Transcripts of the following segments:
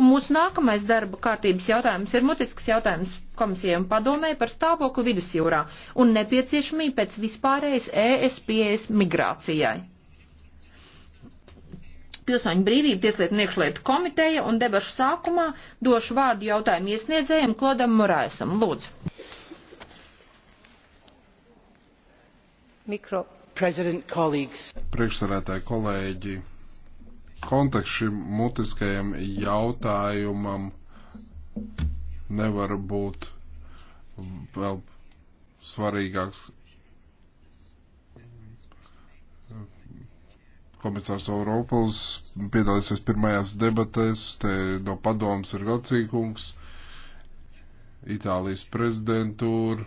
Un mūsu nākamais darba kārtības jautājums ir mutisks jautājums komisijai un padomēji par stāvokli vidusjūrā un nepieciešamību pēc vispārējas ESPS migrācijai. Pilsoņu brīvību tieslietu un iekšlietu komiteja un debašu sākumā došu vārdu jautājumu iesniedzējiem Klodam Moraisam. Lūdzu. Mikro. Priekšsarētāji kolēģi, konteksts šim mutiskajam jautājumam nevar būt vēl svarīgāks. Komisārs Europols piedalīsies pirmajās debatēs, te no padomas ir Gacīkungs, Itālijas prezidentūra,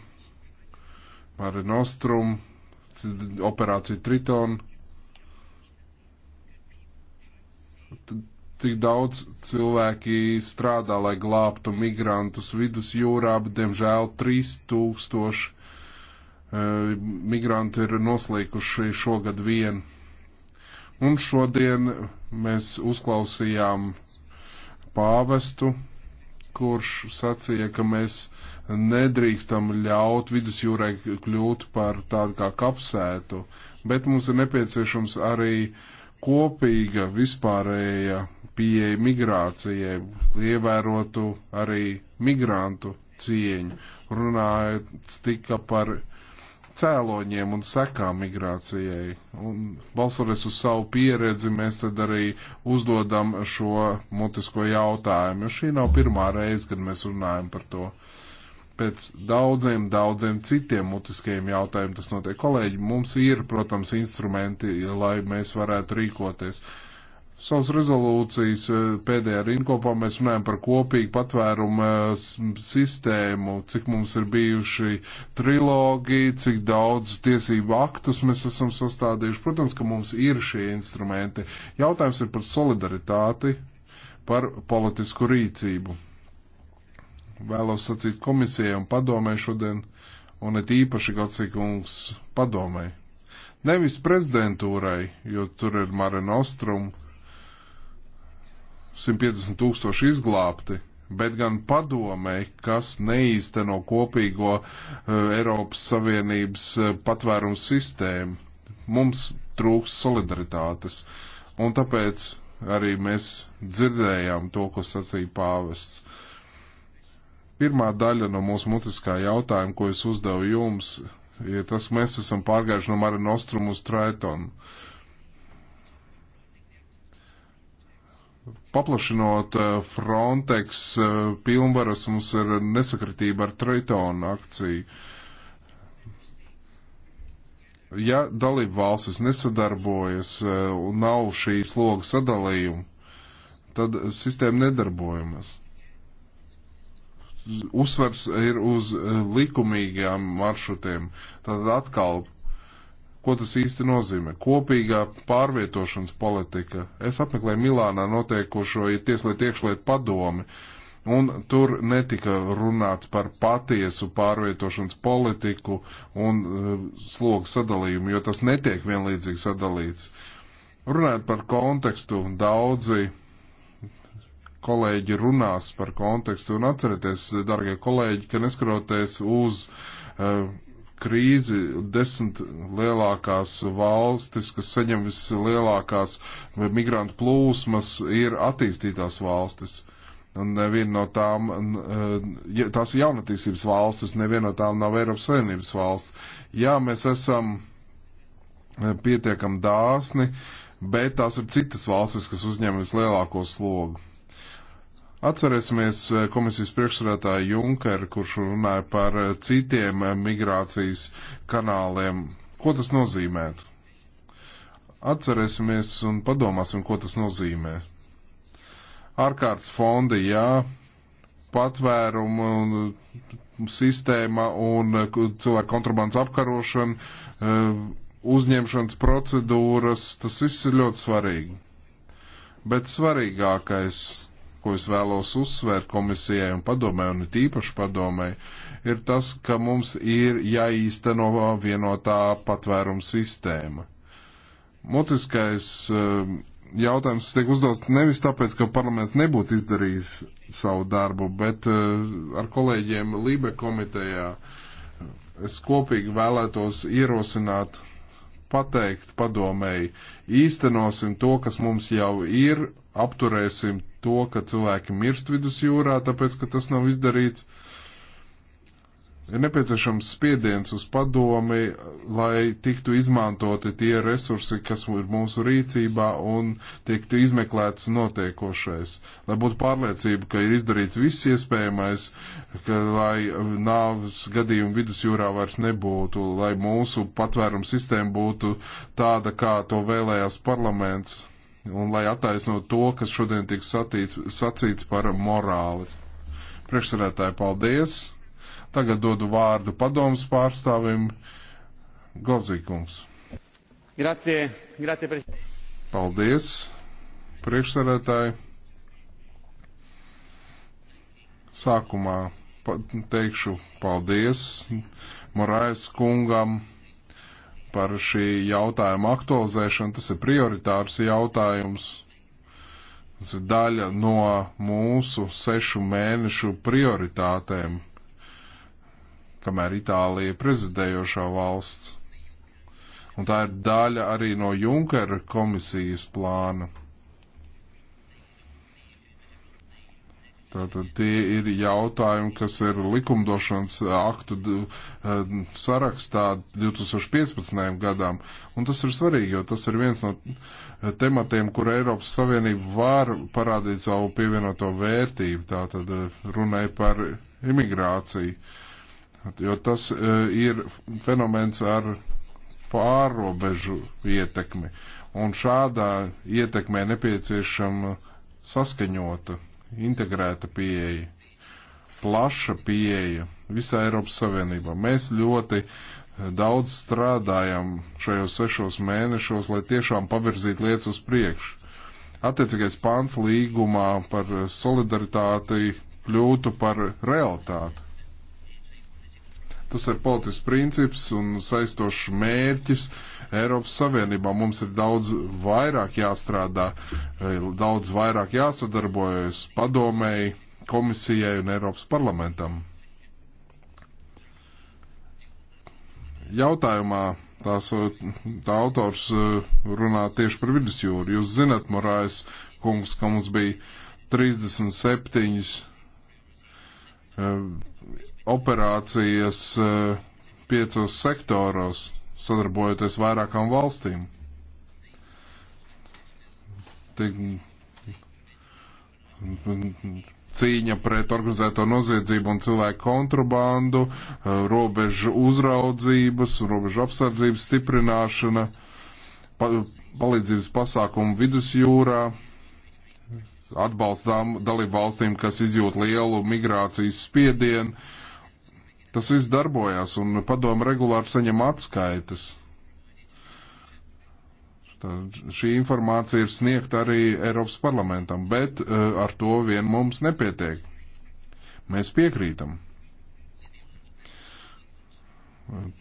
Mare Nostrum, operācija Triton tik daudz cilvēki strādā, lai glābtu migrantus vidus jūrā, bet, diemžēl, 3000 e, migranti ir noslīkuši šogad vien. Un šodien mēs uzklausījām pāvestu, kurš sacīja, ka mēs nedrīkstam ļaut vidusjūrai kļūt par tādu kā kapsētu, bet mums ir nepieciešams arī uh, kopīga vispārēja pieeja migrācijai, ievērotu arī migrantu cieņu. Runājot tika par cēloņiem un sekām migrācijai. Un balsoties uz savu pieredzi, mēs tad arī uzdodam šo mutisko jautājumu, jo šī nav pirmā reize, kad mēs runājam par to pēc daudziem, daudziem citiem mutiskajiem jautājumiem tas notiek. Kolēģi, mums ir, protams, instrumenti, lai mēs varētu rīkoties. Savas rezolūcijas eh, pēdējā rinkopā mēs runājam par kopīgu patvērumu eh, sistēmu, cik mums ir bijuši trilogi, cik daudz tiesību aktus mēs esam sastādījuši. Protams, ka mums ir šie instrumenti. Jautājums ir par solidaritāti, par politisku rīcību vēlos sacīt komisijai un padomē šodien, un it īpaši Gatsīkungs padomē. Nevis prezidentūrai, jo tur ir Mare Nostrum, 150 tūkstoši izglābti, bet gan padomē, kas neīsteno kopīgo eh, Eiropas Savienības eh, patvērums sistēmu. Mums trūks solidaritātes, un tāpēc arī mēs dzirdējām to, ko sacīja pāvests. Uh, Pirmā daļa no mūsu mutiskā jautājuma, ko es uzdevu jums, ir tas, ka mēs esam pārgājuši no Mara Nostrum uz Traitonu. Paplašinot eh, Frontex eh, pilnvaras, mums ir nesakritība ar Traitonu akciju. Ja dalību valstis nesadarbojas eh, un nav šīs logas sadalījuma, tad sistēma nedarbojamas uzsvers ir uz eh, likumīgiem maršrutiem. Tad atkal, ko tas īsti nozīmē? Kopīgā pārvietošanas politika. Es apmeklēju Milānā notiekošo tieslietu iekšlietu padomi, un tur netika runāts par patiesu pārvietošanas politiku un uh, slogu sadalījumu, jo tas netiek vienlīdzīgi sadalīts. Runājot par kontekstu, daudzi kolēģi runās par kontekstu un atcerieties, darbie kolēģi, ka neskaroties uz uh, krīzi, desmit lielākās valstis, kas saņem vislielākās e, migrantu plūsmas, ir attīstītās valstis. Un neviena no tām, uh, tās ir jaunatīstības valstis, neviena no tām nav Eiropas Savienības valsts. Jā, mēs esam pietiekam dāsni, bet tās ir citas valstis, kas uzņem vislielāko slogu. Atcerēsimies eh, komisijas priekšsarētāju Junkeru, kurš runāja par eh, citiem eh, migrācijas kanāliem. Ko tas nozīmē? Atcerēsimies un padomāsim, ko tas nozīmē. Ārkārtas fondi, jā, patvērumu sistēma un cilvēku kontrabandas apkarošana, uzņemšanas procedūras, tas viss ir ļoti svarīgi. Bet svarīgākais ko es vēlos uzsvērt komisijai un padomē, un tīpaši padomē, ir tas, ka mums ir jāīsteno vienotā patvērums sistēma. Motiskais um, jautājums tiek uzdots nevis tāpēc, ka parlaments nebūtu izdarījis savu darbu, bet uh, ar kolēģiem Lībe komitejā es kopīgi vēlētos ierosināt pateikt padomēji, īstenosim to, kas mums jau ir, apturēsim to, ka cilvēki mirst vidusjūrā, tāpēc, ka tas nav izdarīts. Ir nepieciešams spiediens uz padomi, lai tiktu izmantoti tie resursi, kas ir mūsu rīcībā un tiktu izmeklēts notiekošais. Lai būtu pārliecība, ka ir izdarīts viss iespējamais, ka lai nāvs gadījumu vidusjūrā vairs nebūtu, lai mūsu patvērums sistēma būtu tāda, kā to vēlējās parlaments un lai attaisnotu to, kas šodien tiek satīts, sacīts par morāli. Priekšsarētāji, paldies! Tagad dodu vārdu padomus pārstāvim Gozīkums. Grazie, grazie, prezidents. Paldies, priekšsarētāji. Sākumā teikšu paldies Morais kungam par šī jautājuma aktualizēšanu. Tas ir prioritārs jautājums. Tas ir daļa no mūsu sešu mēnešu prioritātēm, kamēr Itālija ir prezidējošā valsts. Un tā ir daļa arī no Junkera komisijas plāna. Tātad tie ir jautājumi, kas ir likumdošanas aktu eh, sarakstā 2015. gadām. Un tas ir svarīgi, jo tas ir viens no eh, tematiem, kur Eiropas Savienība var parādīt savu pievienoto vērtību. Tātad eh, runai par imigrāciju. Jo tas ir fenomens ar pārobežu ietekmi. Un šādā ietekmē nepieciešama saskaņota integrēta pieeja, plaša pieeja visā Eiropas Savienībā. Mēs ļoti eh, daudz strādājam šajos sešos mēnešos, lai tiešām pavirzītu lietas uz priekšu. Attiecīgais pāns līgumā par solidaritāti kļūtu par realitāti. Tas ir politisks princips un saistošs mērķis Eiropas Savienībā. Mums ir daudz vairāk jāstrādā, eh, daudz vairāk jāsadarbojas padomēji, komisijai un Eiropas parlamentam. Jautājumā tās, tā autors eh, runā tieši par vidusjūru. Jūs zinat, Morājas kungs, ka mums bija 37 operācijas e, piecos sektoros, sadarbojoties vairākām valstīm. Tik, cīņa pret organizēto noziedzību un cilvēku kontrabandu, e, robežu uzraudzības, robežu apsardzības stiprināšana, palīdzības pasākumu vidusjūrā, atbalstām dalību valstīm, kas izjūt lielu migrācijas spiedienu Tas viss darbojās un padomu regulāri saņem atskaitas. Tā, šī informācija ir sniegta arī Eiropas parlamentam, bet uh, ar to vien mums nepietiek. Mēs piekrītam.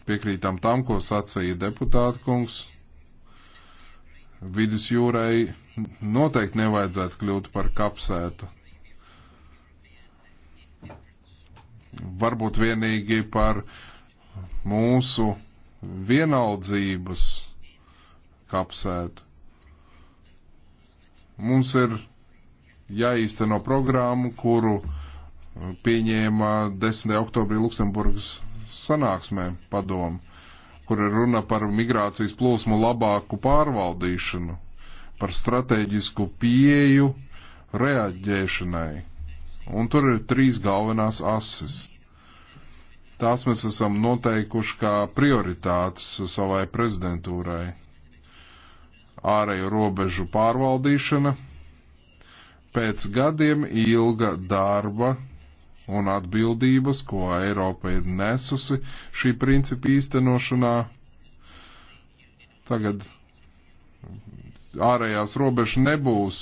Piekrītam tam, ko sacīja deputāta kungs. Vidus jūrai noteikti nevajadzētu kļūt par kapsētu. varbūt vienīgi par mūsu vienaldzības kapsētu. Mums ir jāīsteno programmu, kuru pieņēma 10. oktobrī Luksemburgas sanāksmē padomu, kur ir runa par migrācijas plūsmu labāku pārvaldīšanu, par strateģisku pieju reaģēšanai Un tur ir trīs galvenās ases. Tās mēs esam noteikuši kā prioritātes savai prezidentūrai. Ārēju robežu pārvaldīšana, pēc gadiem ilga darba un atbildības, ko Eiropa ir nesusi šī principa īstenošanā, tagad ārējās robežas nebūs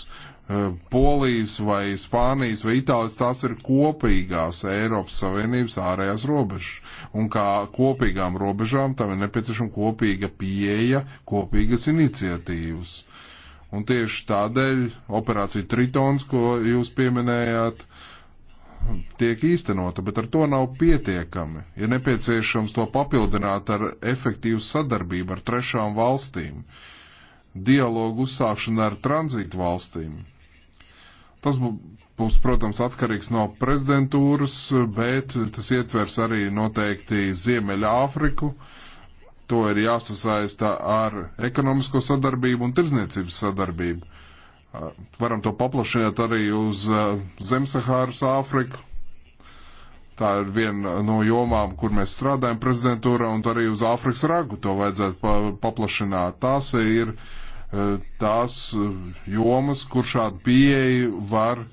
Eh, Polijas vai Spānijas vai Itālijas, tās ir kopīgās Eiropas Savienības ārējās robežas. Un kā kopīgām robežām tam ir nepieciešama kopīga pieeja, kopīgas iniciatīvas. Un tieši tādēļ operācija Tritons, ko jūs pieminējāt, tiek īstenota, bet ar to nav pietiekami. Ir nepieciešams to papildināt ar efektīvu sadarbību ar trešām valstīm dialogu uzsākšana ar tranzītu valstīm. Tas būs, protams, atkarīgs no prezidentūras, bet tas ietvers arī noteikti Ziemeļa Āfriku. To ir jāsasaista ar ekonomisko sadarbību un tirdzniecības sadarbību. Varam to paplašināt arī uz Zemsahāras Āfriku. Tā ir viena no jomām, kur mēs strādājam prezidentūrā, un arī uz Āfrikas ragu to vajadzētu paplašināt. Tās ir uh, Eh, tās eh, jomas, kur šādu pieeju var eh,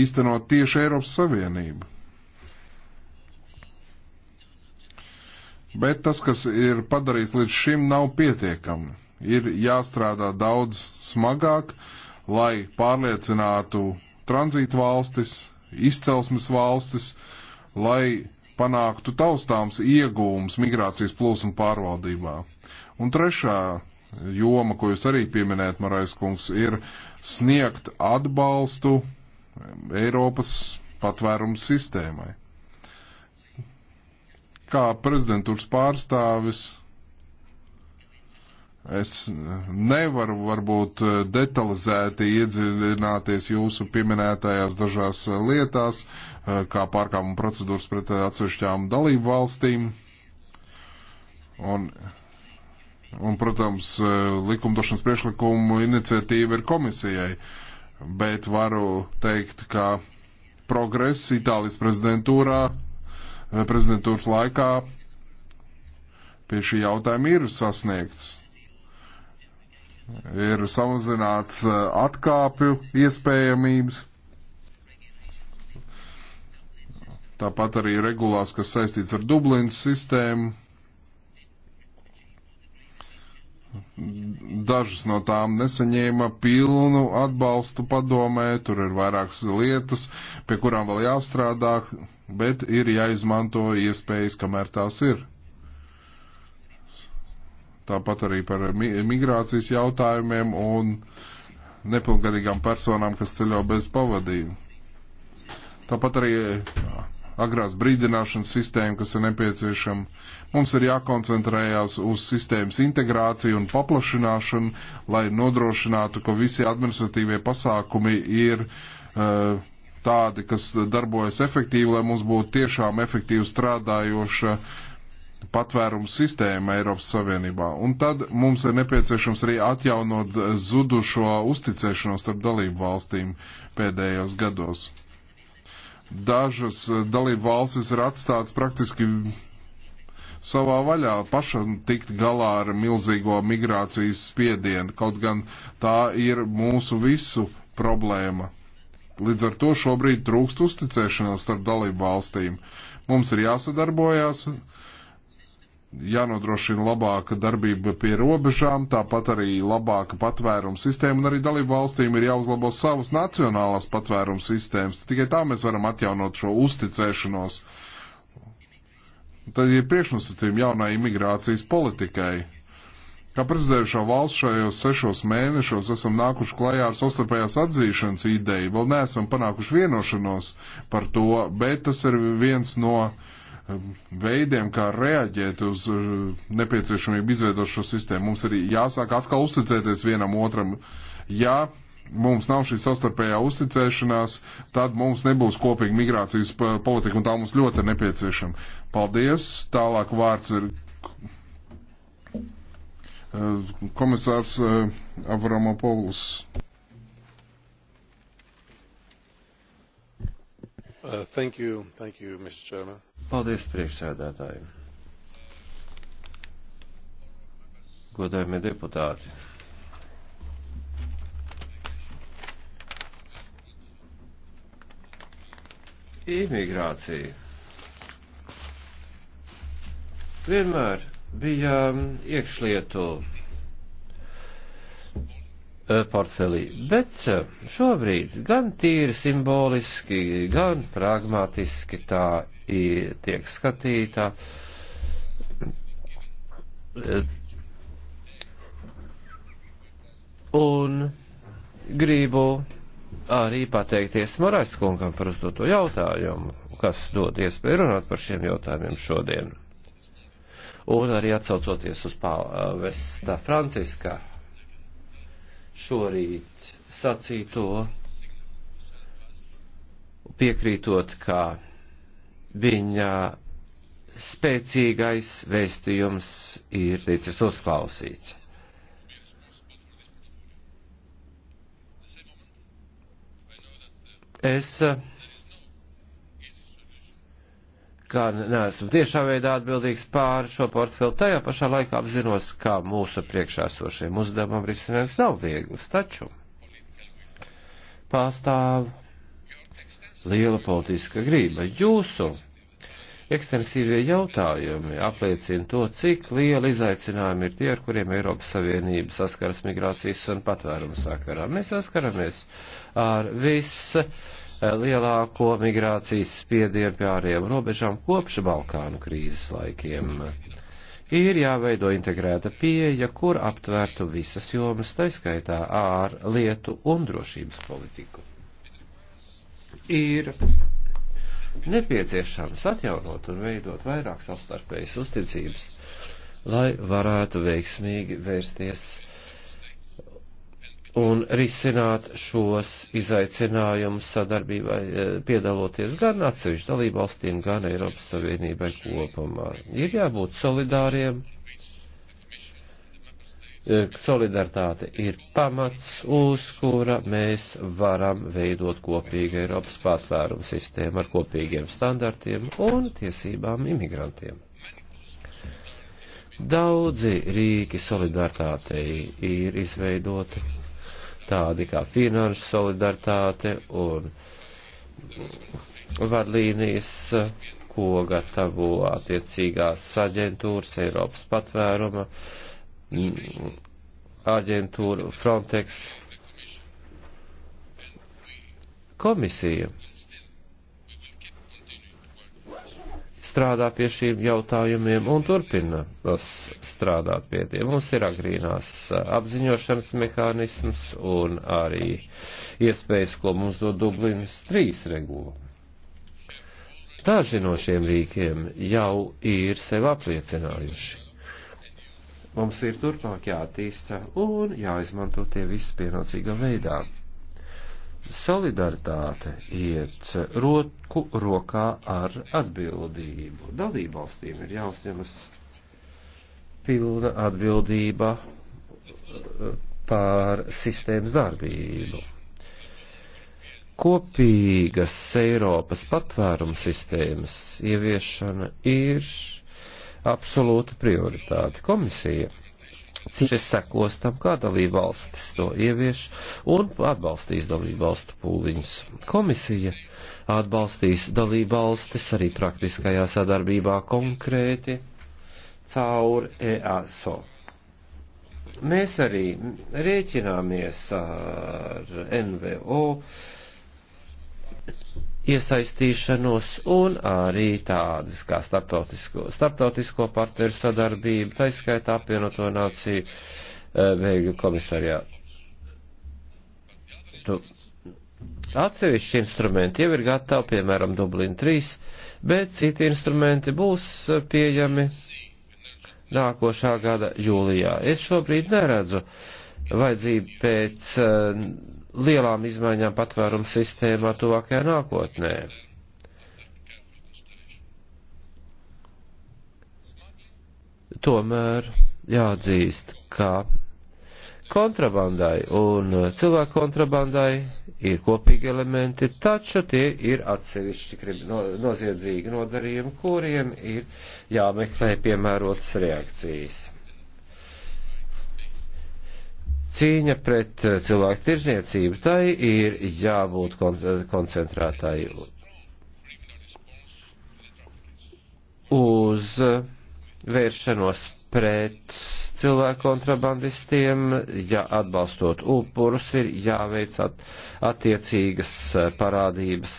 īstenot tieši Eiropas Savienība. Bet tas, kas ir padarīts līdz šim, nav pietiekami. Ir jāstrādā daudz smagāk, lai pārliecinātu tranzītu valstis, izcelsmes valstis, lai panāktu taustāms iegūms migrācijas plūsmu pārvaldībā. Un trešā joma, ko jūs arī pieminējat, Marais kungs, ir sniegt atbalstu Eiropas patvērumu sistēmai. Kā prezidentūras pārstāvis es nevaru varbūt detalizēti iedzināties jūsu pieminētajās dažās lietās, kā pārkāpuma procedūras pret atsevišķām dalību valstīm. Un Un, protams, e, likumdošanas priekšlikumu iniciatīva ir komisijai, bet varu teikt, ka progress Itālijas prezidentūrā, e, prezidentūras laikā pie šī jautājuma ir sasniegts. Ir samazināts e, atkāpju iespējamības. Tāpat arī regulās, kas saistīts ar Dublinas sistēmu Dažas no tām nesaņēma pilnu atbalstu padomē, tur ir vairākas lietas, pie kurām vēl jāstrādā, bet ir jāizmanto iespējas, kamēr tās ir. Tāpat arī par migrācijas jautājumiem un nepilngadīgām personām, kas ceļo bez pavadījuma. Tāpat arī agrās brīdināšanas sistēma, kas ir nepieciešama, Mums ir jākoncentrējās uz sistēmas integrāciju un paplašināšanu, lai nodrošinātu, ka visi administratīvie pasākumi ir uh, tādi, kas darbojas efektīvi, lai mums būtu tiešām efektīvi strādājoša patvērumu sistēma Eiropas Savienībā. Un tad mums ir nepieciešams arī atjaunot zudušo uzticēšanos starp dalību valstīm pēdējos gados. Dažas dalību valstis ir atstātas praktiski savā vaļā pašam tikt galā ar milzīgo migrācijas spiedienu, kaut gan tā ir mūsu visu problēma. Līdz ar to šobrīd trūkst uzticēšanās starp dalību valstīm. Mums ir jāsadarbojās, jānodrošina labāka darbība pie robežām, tāpat arī labāka patvēruma sistēma, un arī dalību valstīm ir jāuzlabo savas nacionālās patvēruma sistēmas. Tikai tā mēs varam atjaunot šo uzticēšanos uh, Tad ir priekšnosacījumi jaunai imigrācijas politikai. Kā prezidējušā valsts šajos sešos mēnešos esam nākuši klajā ar sastarpējās atzīšanas ideju. Vēl neesam panākuši vienošanos par to, bet tas ir viens no um, veidiem, kā reaģēt uz uh, nepieciešamību izveidot šo sistēmu. Mums arī jāsāk atkal uzticēties vienam otram. Ja mums nav šī savstarpējā uzticēšanās, tad mums nebūs kopīga migrācijas politika, un tā mums ļoti ir nepieciešama. Paldies! Tālāk vārds ir eh, komisārs eh, Avramopoulos. Uh, thank you, thank you, Mr. Chairman. Paldies, priekšsēdētāji. Godājumie deputāti. imigrācija. Vienmēr bija um, iekšlietu uh, portfelī, bet uh, šobrīd gan tīri simboliski, gan pragmatiski tā tiek skatīta. Un gribu arī pateikties Morais kungam par uzdoto jautājumu, kas dod iespēju runāt par šiem jautājumiem šodien. Un arī atsaucoties uz pāvesta Franciska šorīt sacīto, piekrītot, ka viņa spēcīgais vēstījums ir ticis uzklausīts. Es eh, kā neesmu tiešā veidā atbildīgs pār šo portfeli, tajā pašā laikā apzinos, kā mūsu priekšāsošiem uzdevumam risinājums nav viegls, taču pastāv liela politiska grība. Jūsu ekstensīvie jautājumi apliecina to, cik liela izaicinājuma ir tie, ar kuriem Eiropas Savienība saskaras migrācijas un patvērumu sakarā. Mēs saskaramies ar viss lielāko migrācijas spiedienu pie ārējām robežām kopš Balkānu krīzes laikiem. Ir jāveido integrēta pieeja, kur aptvērtu visas jomas, taiskaitā ārlietu un drošības politiku. Ir nepieciešams atjaunot un veidot vairāk savstarpējas uzticības, lai varētu veiksmīgi vērsties un risināt šos izaicinājumus sadarbībai, eh, piedaloties gan atsevišķu dalībvalstīm, gan Eiropas Savienībai kopumā. Ir jābūt solidāriem Eh, solidaritāte ir pamats, uz kura mēs varam veidot kopīgu Eiropas patvērumu sistēmu ar kopīgiem standartiem un tiesībām imigrantiem. Daudzi rīki solidaritātei ir izveidoti, tādi kā finanšu solidaritāte un vadlīnijas, ko gatavo attiecīgās aģentūras Eiropas patvēruma uh, aģentūru Frontex komisija strādā pie šiem jautājumiem un turpinās strādāt pie tiem. Mums ir agrīnās apziņošanas mehānisms un arī iespējas, ko mums dod Dublinas trīs regula. Daži no šiem rīkiem jau ir sev apliecinājuši mums ir turpmāk jātīsta un jāizmanto tie visi pienācīgā veidā. Solidaritāte iet roku rokā ar atbildību. Dalībvalstīm ir jāuzņemas pilna atbildība eh, pār sistēmas darbību. Kopīgas Eiropas patvērums sistēmas ieviešana ir absolūta prioritāte. Komisija cieši sekos tam, kā dalība valstis to ievieš un atbalstīs dalību valstu pūliņus. Komisija atbalstīs dalību valstis arī praktiskajā sadarbībā konkrēti caur EASO. Mēs arī rēķināmies ar NVO, uh, iesaistīšanos un arī tādas kā starptautisko, starptautisko partneru sadarbību, taiskaitā apvienoto nāciju eh, bēgļu komisarijā. Tu. Atsevišķi instrumenti jau ir gatavi, piemēram, Dublin 3, bet citi instrumenti būs eh, pieejami nākošā gada jūlijā. Es šobrīd neredzu vajadzību pēc eh, lielām izmaiņām patvērumu sistēmā tuvākajā nākotnē. Tomēr jāatzīst, ka kontrabandai un cilvēku kontrabandai ir kopīgi elementi, taču tie ir atsevišķi no, noziedzīgi nodarījumi, kuriem ir jāmeklē piemērotas reakcijas cīņa pret eh, cilvēku tirzniecību, tai ir jābūt koncentrētāji uz eh, vēršanos pret cilvēku kontrabandistiem, ja atbalstot upurus, ir jāveic at, attiecīgas eh, parādības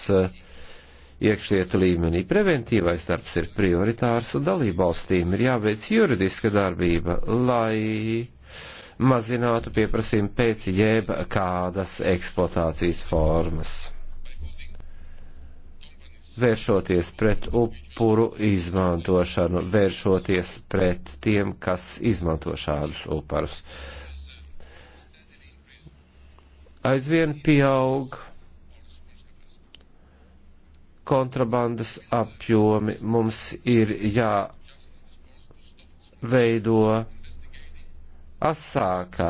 iekšlietu līmenī. Preventīvais darbs ir prioritārs un dalībvalstīm ir jāveic juridiska darbība, lai mazinātu pieprasījumu pēc jeb kādas eksploatācijas formas. Vēršoties pret upuru izmantošanu, vēršoties pret tiem, kas izmanto šādus uparus. Aizvien pieaug kontrabandas apjomi, mums ir jāveido asākā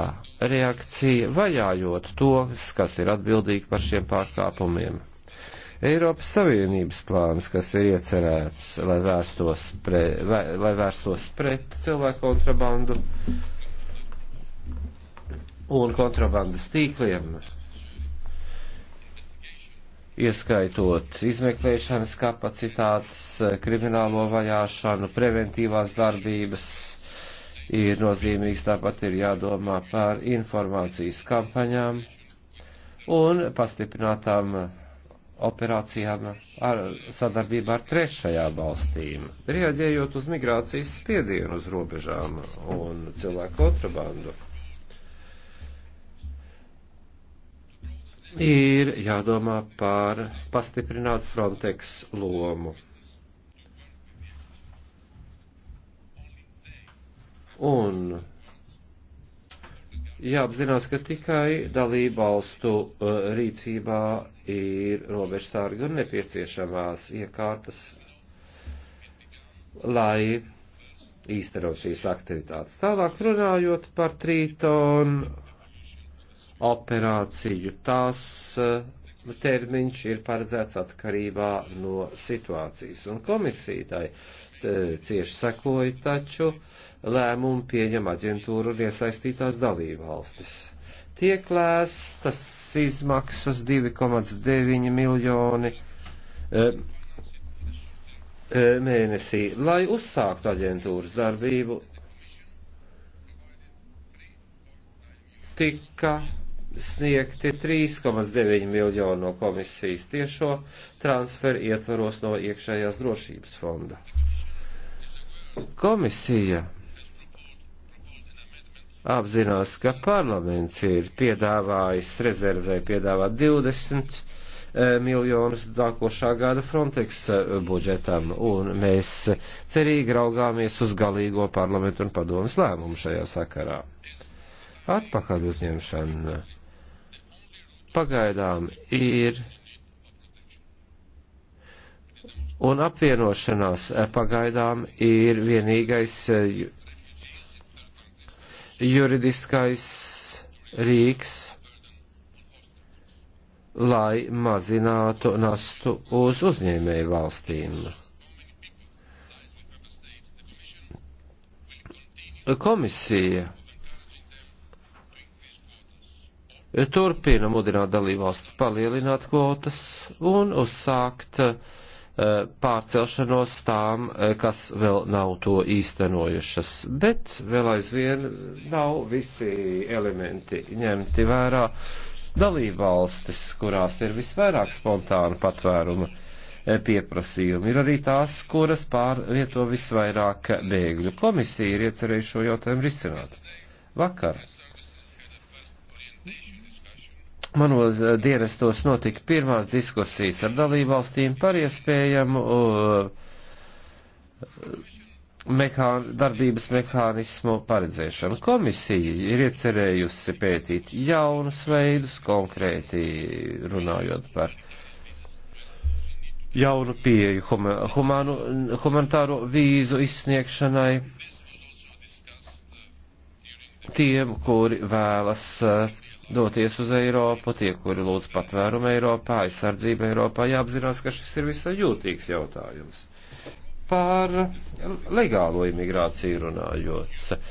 reakcija vajājot tos, kas ir atbildīgi par šiem pārkāpumiem. Eiropas Savienības plāns, kas ir iecerēts, lai vērstos, pre, vai, lai vērstos pret cilvēku kontrabandu un kontrabandas tīkliem, ieskaitot izmeklēšanas kapacitātes, kriminālo vajāšanu, preventīvās darbības, ir nozīmīgs, tāpat ir jādomā par informācijas kampaņām un pastiprinātām operācijām ar sadarbībā ar trešajām valstīm, rieģējot uz migrācijas spiedienu uz robežām un cilvēku kontrabandu. Ir jādomā par pastiprināt Frontex lomu Un jāapzinās, ka tikai dalībvalstu uh, rīcībā ir robežsārga un nepieciešamās iekārtas, lai īstenot šīs aktivitātes. Tālāk runājot par trītonu operāciju, tās uh, termiņš ir paredzēts atkarībā no situācijas, un komisija tai E, cieši sekoju, taču lēmumu pieņem aģentūra un iesaistītās dalībvalstis. Tiek lēstas izmaksas 2,9 miljoni e, e, mēnesī, lai uzsāktu aģentūras darbību. Tika sniegti 3,9 miljoni no komisijas tiešo transferu ietvaros no iekšējās drošības fonda. Komisija apzinās, ka parlaments ir piedāvājis rezervē piedāvāt 20 e, miljonus nākošā gada Frontex e, budžetam, un mēs cerīgi raugāmies uz galīgo parlamentu un padomas lēmumu šajā sakarā. Atpakaļ uzņemšana pagaidām ir Un apvienošanās eh, pagaidām ir vienīgais eh, juridiskais rīks, lai mazinātu nastu uz uzņēmēju valstīm. Komisija turpina mudināt dalībvalstu palielināt kvotas un uzsākt uh, Eh, pārcelšanos tām, eh, kas vēl nav to īstenojušas. Bet vēl aizvien nav visi elementi ņemti vērā dalībvalstis, kurās ir visvairāk spontānu patvērumu eh, pieprasījumi. Ir arī tās, kuras pārvieto visvairāk bēgļu. Komisija ir iecerējuši šo jautājumu risināt. Vakar manos eh, dienestos notika pirmās diskusijas ar dalībvalstīm par iespējamu uh, eh, mehān, darbības mehānismu paredzēšanu. Komisija ir iecerējusi pētīt jaunus veidus, konkrēti runājot par jaunu pieju huma, humanu, humanitāro vīzu izsniegšanai tiem, kuri vēlas uh, doties uz Eiropu, tie, kuri lūdz patvērumu Eiropā, aizsardzību Eiropā, jāapzinās, ka šis ir visai jūtīgs jautājums. Par legālo imigrāciju runājot,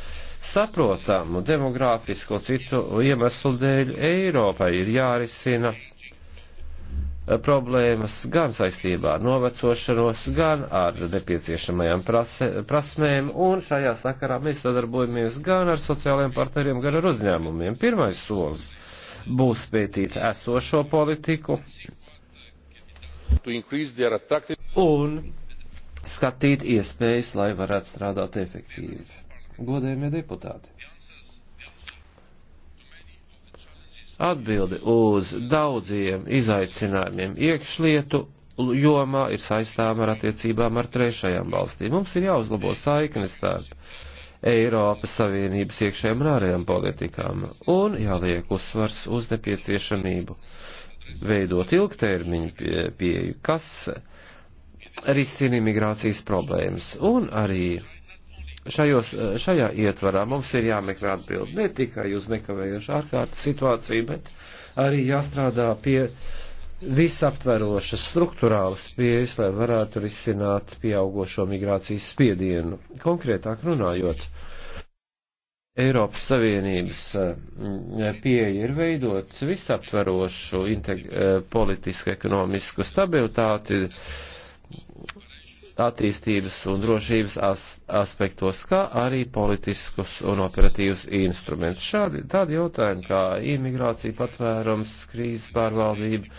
saprotamu demogrāfisko citu iemeslu dēļ Eiropai ir jārisina Eh, problēmas gan saistībā ar novecošanos, gan ar nepieciešamajām prase, prasmēm, un šajā sakarā mēs sadarbojamies gan ar sociālajiem partneriem, gan ar uzņēmumiem. Pirmais solis būs pētīt esošo politiku un skatīt iespējas, lai varētu strādāt efektīvi. Godējumie deputāti! Atbildi uz daudziem izaicinājumiem iekšlietu jomā ir saistām ar attiecībām ar trešajām valstīm. Mums ir jāuzlabo saiknes starp Eiropas Savienības iekšējām un ārējām politikām un jāliek uzsvars uz nepieciešamību veidot ilgtermiņu pieeju, pie, kas risina imigrācijas problēmas un arī šajos, eh, šajā ietvarā mums ir jāmeklē atbildi ne tikai uz nekavējošu ārkārtas situāciju, bet arī jāstrādā pie visaptverošas struktūrālas pieejas, lai varētu risināt pieaugošo migrācijas spiedienu. Konkrētāk runājot, Eiropas Savienības eh, pieeja ir veidot visaptverošu eh, politisku ekonomisku stabilitāti, attīstības un drošības as, aspektos, kā arī politiskus un operatīvus instrumentus. Šādi tādi jautājumi kā imigrācija, patvērums, krīzes pārvaldība,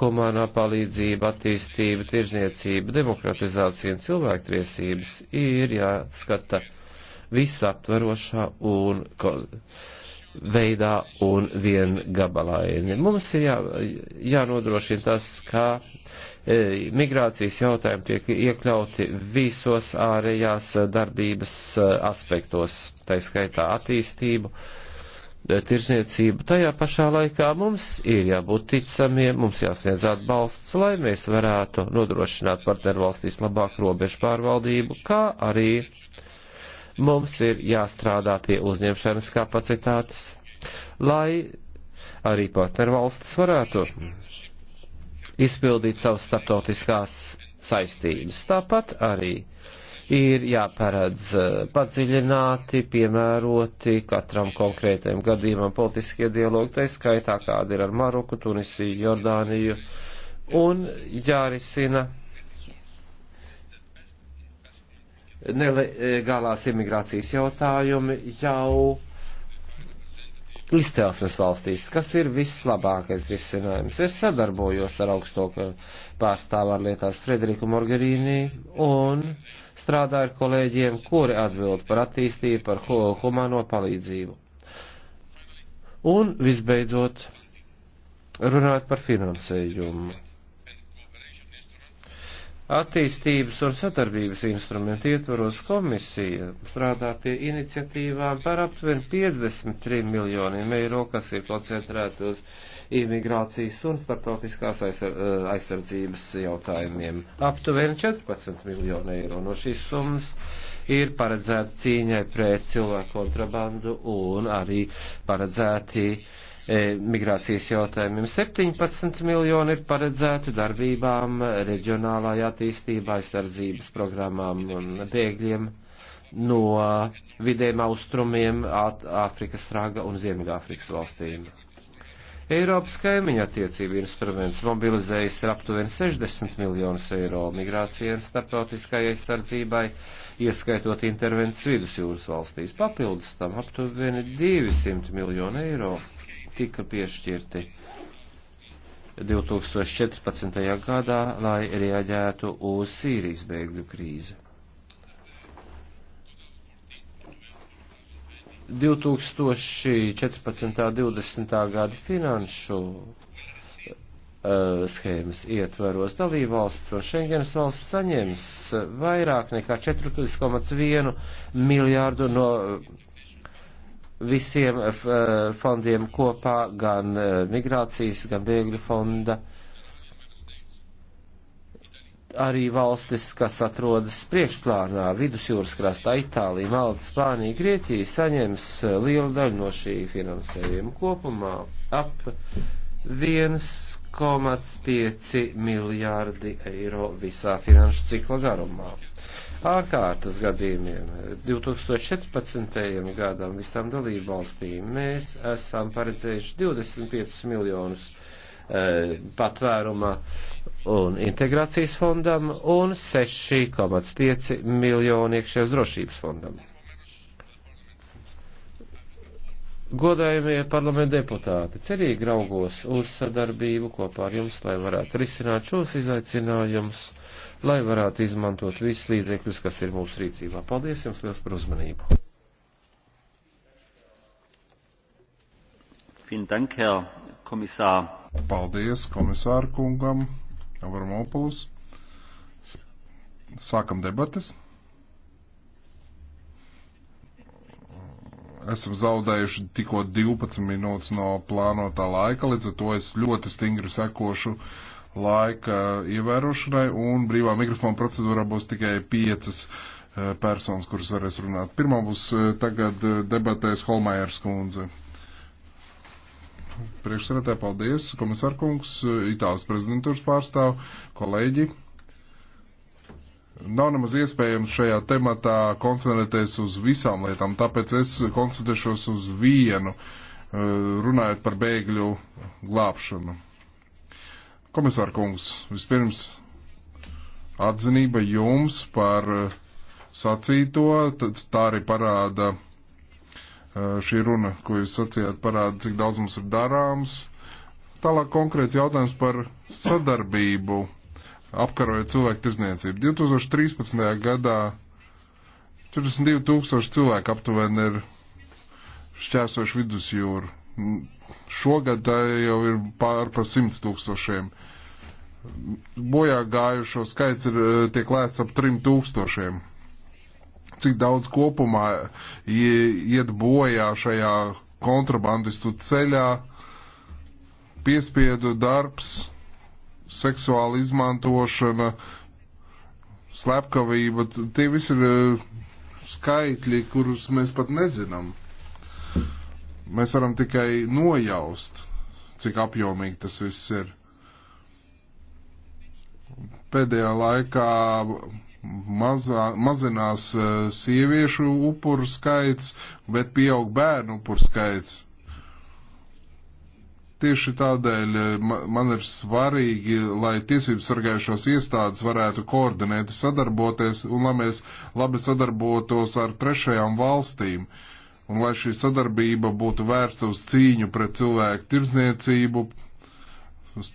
humānā palīdzība, attīstība, tirzniecība, demokratizācija un cilvēktiesības ir jāskata visaptverošā un ko, veidā un vien gabalaini. Mums ir jā, jānodrošina tas, kā E, migrācijas jautājumi tiek iekļauti visos ārējās darbības e, aspektos, tā skaitā attīstību, e, tirzniecību. Tajā pašā laikā mums ir jābūt ticamiem, mums jāsniedz atbalsts, lai mēs varētu nodrošināt partnervalstīs labāku robežu pārvaldību, kā arī mums ir jāstrādā pie uzņemšanas kapacitātes, lai arī partnervalstis varētu izpildīt savas starptautiskās saistības. Tāpat arī ir jāparedz eh, padziļināti, piemēroti katram konkrētajam gadījumam politiskie dialogi, tai skaitā kāda ir ar Maroku, Tunisiju, Jordāniju, un jārisina nelegālās imigrācijas jautājumi jau izcelsmes valstīs, kas ir vislabākais risinājums. Es sadarbojos ar augsto pārstāvu ārlietās Frederiku Morgerīni un strādāju ar kolēģiem, kuri atbild par attīstību, par humano palīdzību. Un visbeidzot, runāt par finansējumu attīstības un sadarbības instrumentu ietvaros komisija strādā pie iniciatīvām par aptuveni 53 miljoniem eiro, kas ir koncentrēti uz imigrācijas un starptautiskās eh, aizsardzības jautājumiem. Aptuveni 14 miljoni eiro no šīs summas ir paredzēti cīņai pret cilvēku kontrabandu un arī paredzēti uh, E, migrācijas jautājumiem. 17 miljoni ir paredzēti darbībām, reģionālā attīstībā, aizsardzības programmām un bēgļiem no vidiem austrumiem, Āfrikas raga un Ziemeļāfrikas valstīm. Eiropas kaimiņa attiecību instruments mobilizējis ir aptuveni 60 miljonus eiro migrācijai un starptautiskajai sardzībai, ieskaitot intervences vidusjūras valstīs. Papildus tam aptuveni 200 miljonu eiro tika piešķirti 2014. gadā, lai rieģētu uz Sīrijas bēgļu krīzi. 2014. un 2020. gada finanšu eh, schēmas ietvaros dalībvalsts un Schengenas valsts saņems vairāk nekā 4,1 miljārdu no visiem eh, eh, fondiem kopā, gan eh, migrācijas, gan bēgļu fonda. Arī valstis, kas atrodas priekšplānā, vidusjūras krastā, Itālija, Malta, Spānija, Grieķija, saņems lielu daļu no šī finansējuma kopumā ap 1,5 miljārdi eiro visā finanšu cikla garumā ārkārtas gadījumiem. 2014. gadam visām dalību valstīm mēs esam paredzējuši 25 miljonus e, patvēruma un integrācijas fondam un 6,5 miljoni iekšējās drošības fondam. Godājumie parlamenta deputāti, cerīgi raugos uz sadarbību kopā ar jums, lai varētu risināt šos izaicinājumus lai varētu izmantot visus līdzekļus, kas ir mūsu rīcībā. Paldies jums liels par uzmanību! Dank, komisār. Paldies komisāru kungam Avramopulus. Sākam debatas. esam zaudējuši tikko 12 minūtes no plānotā laika, līdz ar to es ļoti stingri sekošu laika ievērošanai, un brīvā mikrofona procedūrā būs tikai piecas eh, personas, kuras varēs runāt. Pirmā būs eh, tagad eh, debatēs Holmajers kundze. Priekšsēdētāji, paldies, komisārkungs, Itālijas prezidentūras pārstāv, kolēģi. Nav nemaz iespējams šajā tematā koncentrēties uz visām lietām, tāpēc es koncentrēšos uz vienu, runājot par bēgļu glābšanu. Komisāra kungs, vispirms atzinība jums par eh, sacīto, tad tā arī parāda eh, šī runa, ko jūs sacījāt, parāda, cik daudz mums ir darāms. Tālāk konkrēts jautājums par sadarbību apkarojot cilvēku tirzniecību. 2013. gadā 42 tūkstoši cilvēku aptuveni ir šķērsoši vidusjūru Šogad tā jau ir pār par simts tūkstošiem. Bojā gājušo skaits ir, eh, tiek lēsts ap trim tūkstošiem. Cik daudz kopumā iet bojā šajā kontrabandistu ceļā, piespiedu darbs, seksuāla izmantošana, slepkavība, tie visi ir eh, skaitļi, kurus mēs pat nezinām. Mēs varam tikai nojaust, cik apjomīgi tas viss ir. Pēdējā laikā mazā, mazinās eh, sieviešu upuru skaits, bet pieaug bērnu upuru skaits. Tieši tādēļ eh, man ir svarīgi, lai tiesības sargājušās iestādes varētu koordinēt, sadarboties un lai mēs labi sadarbotos ar trešajām valstīm. Uh, Un lai šī sadarbība būtu vērsta uz cīņu pret cilvēku tirdzniecību,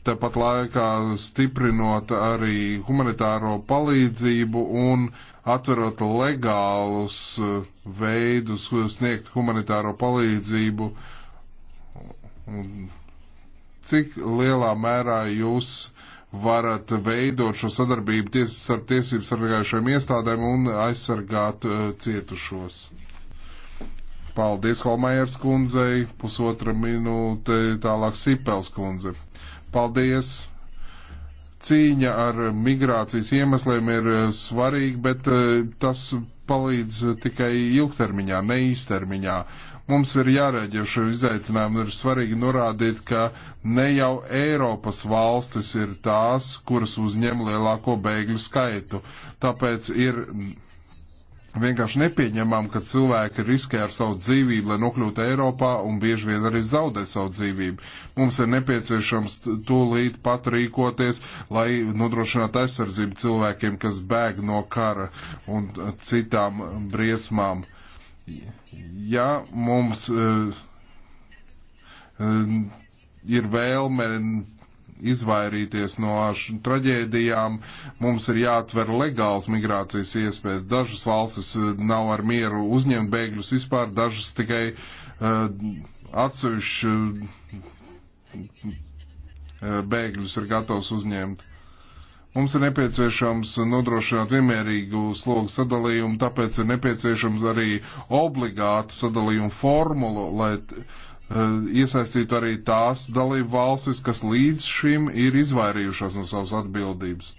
tepat laikā stiprinot arī humanitāro palīdzību un atverot legālus uh, veidus uh, sniegt humanitāro palīdzību. Cik lielā mērā jūs varat veidot šo sadarbību ties, ar tiesību sargājušajiem iestādēm un aizsargāt uh, cietušos? Paldies Holmajers kundzei, pusotra minūte tālāk Sipels kundze. Paldies! Cīņa ar migrācijas iemesliem ir eh, svarīga, bet eh, tas palīdz eh, tikai ilgtermiņā, ne īstermiņā. Mums ir jārēģē šo izaicinājumu, ir svarīgi norādīt, ka ne jau Eiropas valstis ir tās, kuras uzņem lielāko bēgļu skaitu. Tāpēc ir Vienkārši nepieņemam, ka cilvēki riskē ar savu dzīvību, lai nokļūtu Eiropā un bieži vien arī zaudē savu dzīvību. Mums ir nepieciešams tūlīt pat rīkoties, lai nodrošinātu aizsardzību cilvēkiem, kas bēg no kara un citām briesmām. Ja mums uh, uh, ir vēlme izvairīties no traģēdijām, mums ir jāatver legāls migrācijas iespējas. Dažas valstis eh, nav ar mieru uzņemt bēgļus vispār, dažas tikai uh, atsevišķi uh, bēgļus ir gatavs uzņemt. Mums ir nepieciešams nodrošināt vienmērīgu slogu sadalījumu, tāpēc ir nepieciešams arī obligāta sadalījuma formula, lai Eh, iesaistītu arī tās dalību valstis, kas līdz šim ir izvairījušās no savas atbildības.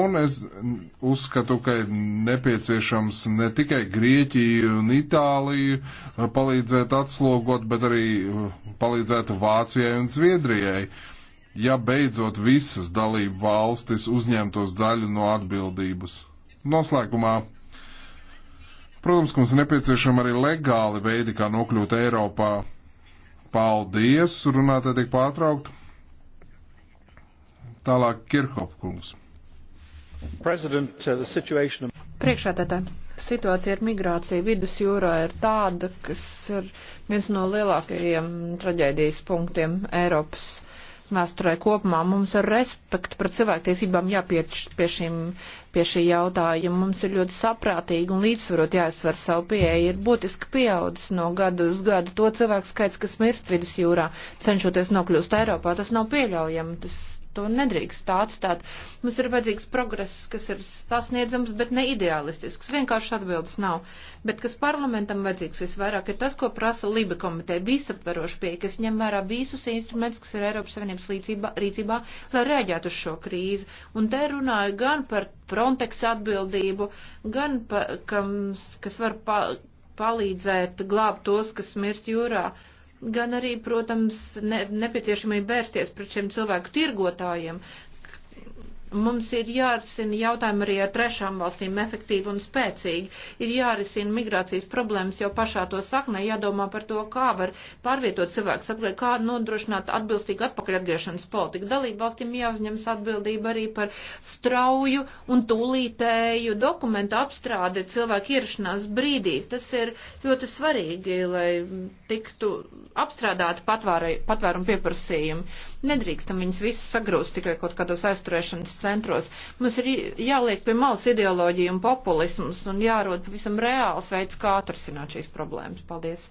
Un es uzskatu, ka ir nepieciešams ne tikai Grieķiju un Itāliju eh, palīdzēt atslogot, bet arī eh, palīdzēt Vācijai un Zviedrijai, ja beidzot visas dalību valstis uzņemtos daļu no atbildības. Noslēgumā Protams, ka mums ir nepieciešama arī legāli veidi, kā nokļūt Eiropā. Paldies, runātā tiek pārtraukt. Tālāk Kirchhoffkungs. Uh, situation... Priekšātātā situācija ar migrāciju vidusjūrā ir tāda, kas ir viens no lielākajiem traģēdijas punktiem Eiropas vēsturē kopumā. Mums ar respektu par cilvēktiesībām jāpieš pie, šim, pie šī jautājuma. Mums ir ļoti saprātīgi un līdzsvarot jāizsver savu pieeju. Ir būtiski pieaudzis no gada uz gadu to cilvēku skaits, kas mirst vidusjūrā, cenšoties nokļūst Eiropā. Tas nav pieļaujami, tas to nedrīkst tā atstāt. Mums ir vajadzīgs progress, kas ir sasniedzams, bet ne ideālistisks. Vienkārši atbildes nav. Bet kas parlamentam vajadzīgs visvairāk, ir tas, ko prasa Liba komiteja, visaptveroša pieeja, kas ņem vērā visus instrumentus, kas ir Eiropas Savienības līdzībā, rīcībā, lai reaģētu uz šo krīzi. Un te runāju gan par Frontex atbildību, gan par, kam, kas var pa, palīdzēt glābt tos, kas mirst jūrā. Uh, gan arī, protams, ne, nepieciešamība vērsties pret šiem cilvēku tirgotājiem, Mums ir jārisina jautājumi arī ar trešām valstīm efektīvi un spēcīgi. Ir jārisina migrācijas problēmas jau pašā to saknē, jādomā par to, kā var pārvietot cilvēku, saprot, kā nodrošināt atbilstīgu atpakaļatgriešanas politiku. Dalību valstīm jāuzņemas atbildība arī par strauju un tūlītēju dokumentu apstrādi cilvēku ierašanās brīdī. Tas ir ļoti svarīgi, lai tiktu apstrādāti patvērumu pieprasījumi. Nedrīkstam viņus visus sagrūst tikai kaut kādos aizturēšanas centros. Mums ir jāliek pie malas ideoloģija un populisms un jārod pavisam reāls veids, kā atrasināt šīs problēmas. Paldies!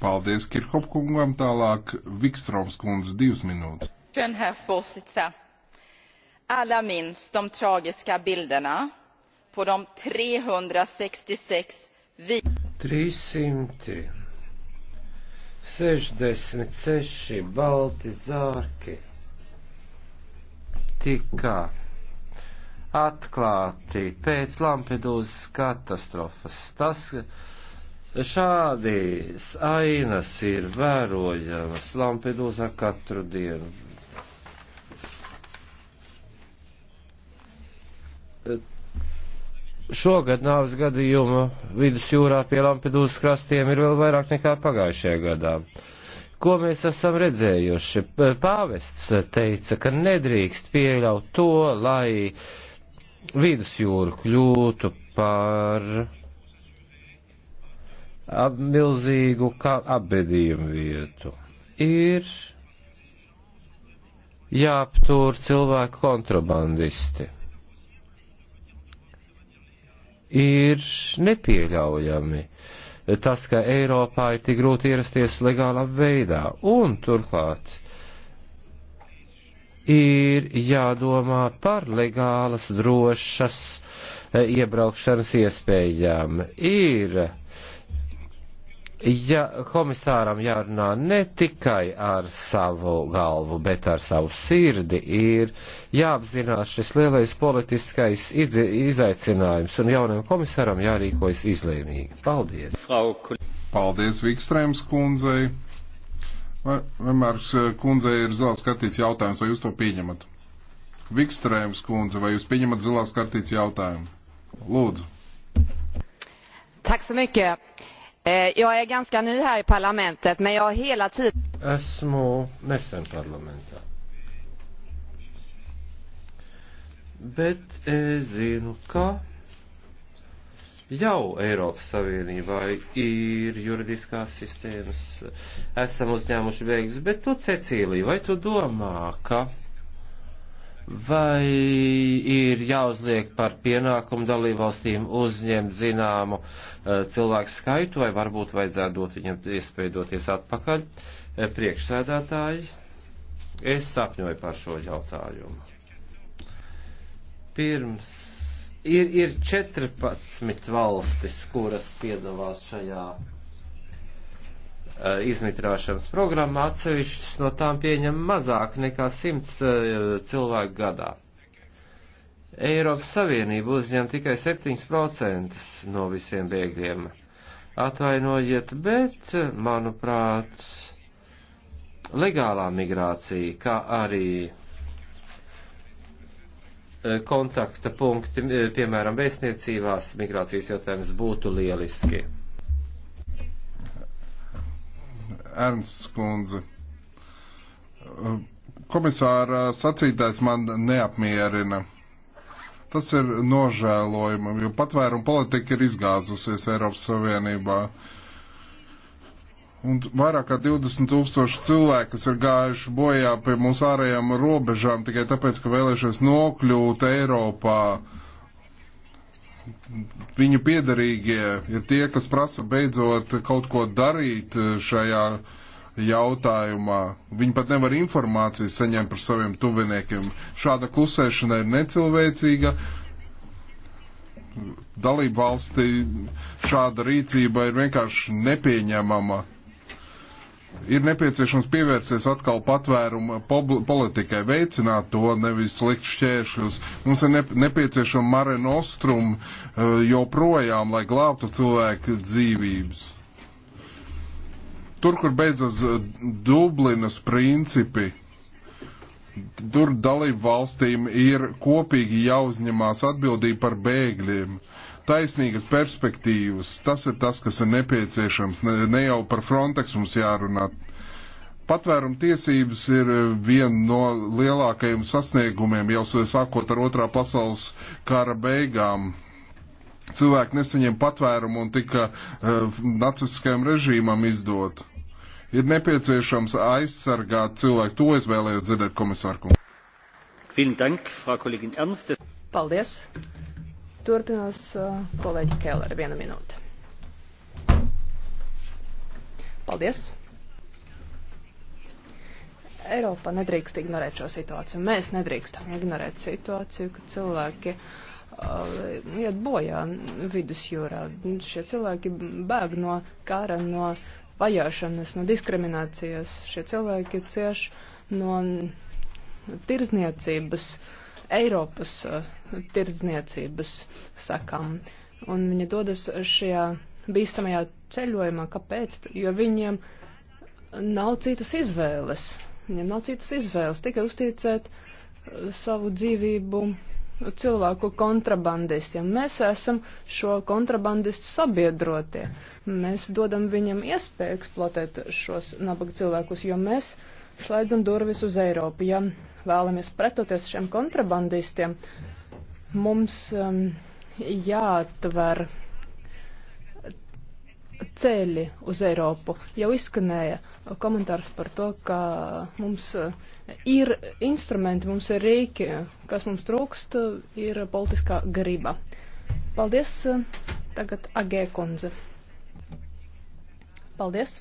Paldies Kirkopkungam, tālāk Vikstroms kundze divas minūtes. Alla minns de tragiska bilderna på de 366 vi... 300 66 balti zārki tika atklāti pēc Lampedūzas katastrofas. Tas, šādi ainas ir vērojamas Lampedūzā katru dienu. Šogad nāves gadījumu vidusjūrā pie Lampedūzas krastiem ir vēl vairāk nekā pagājušajā gadā. Ko mēs esam redzējuši? Pāvests teica, ka nedrīkst pieļaut to, lai vidusjūra kļūtu par milzīgu apbedījumu vietu. Ir jāaptūr cilvēku kontrabandisti ir nepieļaujami. Tas, ka Eiropā ir tik grūti ierasties legālā veidā, un turklāt ir jādomā par legālas, drošas e, iebraukšanas iespējām. Ir ja komisāram jārunā ne tikai ar savu galvu, bet ar savu sirdi, ir jāapzinās šis lielais politiskais izaicinājums, un jaunam komisāram jārīkojas izlēmīgi. Paldies! Paldies, Vikstrēms kundzei! Vai, vienmēr eh, kundzei ir zilās kartīts jautājums, vai jūs to pieņemat? Vikstrēms kundze, vai jūs pieņemat zilās kartīts jautājumu? Lūdzu! Tak så mycket. Eh, jag är ganska ny här i parlamentet, men jag har hela tiden... Esmu nesen parlamentā. Bet es zinu, ka jau Eiropas Savienībā ir juridiskās sistēmas, esam uzņēmuši beigas, bet tu, Cecīlija, vai tu domā, ka vai ir jāuzliek par pienākumu dalībvalstīm uzņemt zināmu eh, cilvēku skaitu, vai varbūt vajadzētu dot viņam iespēju doties atpakaļ. Eh, priekšsēdētāji, es sapņoju par šo jautājumu. Pirms ir, ir 14 valstis, kuras piedalās šajā Eh, izmitrāšanas programmā, atsevišķas no tām pieņem mazāk nekā simts eh, cilvēku gadā. Eiropas Savienība uzņem tikai 7% no visiem bēgļiem. Atvainojiet, bet, manuprāt, legālā migrācija, kā arī eh, kontakta punkti, piemēram, vēstniecībās, migrācijas jautājums būtu lieliski. Ernsts kundze. Komisāra sacītais man neapmierina. Tas ir nožēlojumi, jo patvērumu politika ir izgāzusies Eiropas Savienībā. Un vairāk kā 20 tūkstoši cilvēki, kas ir gājuši bojā pie mūsu ārējām robežām tikai tāpēc, ka vēlējušies nokļūt Eiropā. Uh, viņu piedarīgie ir tie, kas prasa beidzot kaut ko darīt šajā jautājumā. Viņi pat nevar informāciju saņemt par saviem tuviniekiem. Šāda klusēšana ir necilvēcīga. Dalību valstī šāda rīcība ir vienkārši nepieņemama ir nepieciešams pievērsties atkal patvērumu politikai, veicināt to, nevis likt šķēršļus. Mums ir nepieciešama mare nostrum eh, joprojām, lai glābtu cilvēku dzīvības. Tur, kur beidzas eh, Dublinas principi, tur dalību valstīm ir kopīgi jāuzņemās atbildība par bēgļiem. Uh, taisnīgas perspektīvas. Tas ir tas, kas ir nepieciešams. Ne, ne jau par Frontex mums jārunā. Patvērum tiesības ir eh, viena no lielākajiem sasniegumiem jau sākot ar otrā pasaules kara beigām. Cilvēki nesaņem patvērumu un tika uh, nacistiskajam režīmam izdot. Ir nepieciešams aizsargāt cilvēku. To es vēlējos dzirdēt, komisārku. Paldies. Turpinās uh, kolēģi Keller, viena minūte. Paldies! Eiropa nedrīkst ignorēt šo situāciju. Mēs nedrīkstam ignorēt situāciju, ka cilvēki uh, iet bojā vidusjūrā. Šie cilvēki bēg no kara, no vajāšanas, no diskriminācijas. Šie cilvēki cieš no tirzniecības. Uh, Eiropas uh, tirdzniecības sakām. Un viņi dodas šajā bīstamajā ceļojumā. Kāpēc? Jo viņiem nav citas izvēles. Viņiem nav citas izvēles tikai uzticēt uh, savu dzīvību cilvēku kontrabandistiem. Mēs esam šo kontrabandistu sabiedrotie. Mēs dodam viņam iespēju eksploatēt šos nabaga cilvēkus, jo mēs uh, slēdzam durvis uz Eiropu. Ja vēlamies pretoties šiem kontrabandistiem, mums um, jāatver ceļi uz Eiropu. Jau izskanēja komentārs par to, ka mums uh, ir instrumenti, mums ir rīki, kas mums trūkst, uh, ir politiskā griba. Paldies, uh, tagad Agē kundze. Paldies.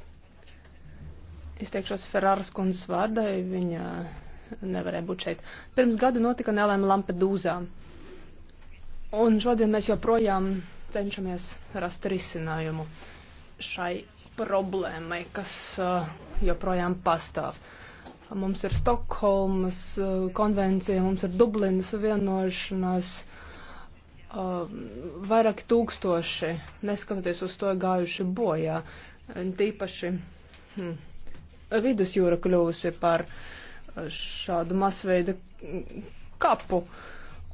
Izteikšos Ferāras kundzes vārdā, viņa nevarēja būt šeit. Pirms gada notika nelēma Lampedūzā. Un šodien mēs joprojām cenšamies rast risinājumu šai problēmai, kas uh, joprojām pastāv. Mums ir Stokholmas uh, konvencija, mums ir Dublinas vienošanās, uh, vairāk tūkstoši, neskatoties uz to, gājuši bojā, tīpaši. Hmm vidusjūra kļuvusi par eh, šādu masveida kapu.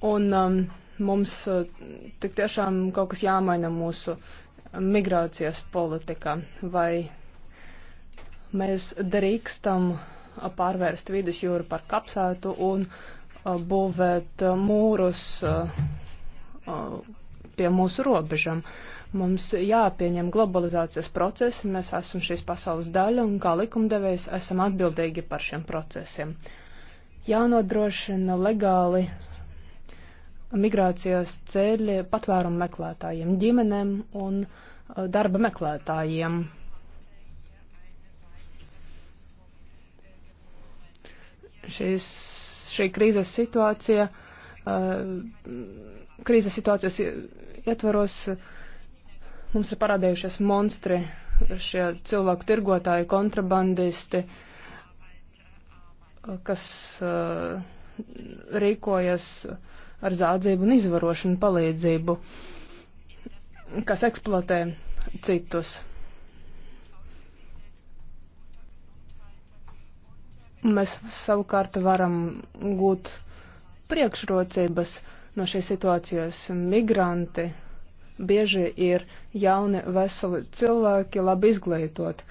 Un um, mums eh, tik tiešām kaut kas jāmaina mūsu migrācijas politikā. Vai mēs drīkstam eh, pārvērst vidusjūru par kapsētu un būvēt mūrus pie mūsu robežam? Mums jāpieņem globalizācijas procesi, mēs esam šīs pasaules daļa un kā likumdevējs esam atbildīgi par šiem procesiem. Jānodrošina legāli migrācijas ceļi patvērumu meklētājiem, ģimenēm un uh, darba meklētājiem. Šis, šī krīzes situācija, uh, krīzes situācijas ietvaros Mums ir parādījušies monstri, šie cilvēku tirgotāji, kontrabandisti, kas uh, rīkojas ar zādzību un izvarošanu palīdzību, kas eksploatē citus. Mēs savukārt varam gūt priekšrocības no šīs situācijas migranti, bieži ir jauni, veseli cilvēki, labi izglītot.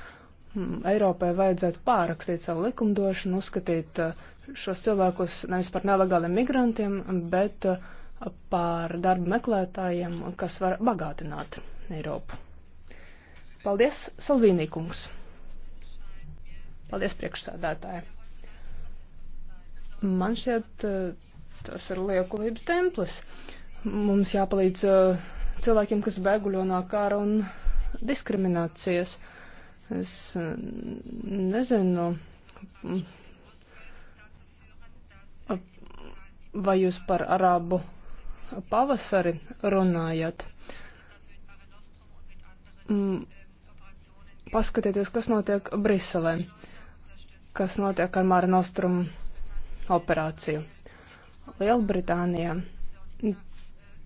Hmm, Eiropai vajadzētu pārakstīt savu likumdošanu, uzskatīt eh, šos cilvēkus nevis par nelegāliem migrantiem, bet eh, par darba meklētājiem, kas var bagātināt Eiropu. Paldies, Salvīnīkungs! Paldies, priekšsādātāji! Man šķiet, eh, tas ir liekulības templis. Mums jāpalīdz uh, cilvēkiem, kas bēguļo no kara un diskriminācijas. Es mm, nezinu, vai jūs par arabu pavasari runājat. Mm, paskatieties, kas notiek Briselē, kas notiek ar Māra Nostrum operāciju. Lielbritānija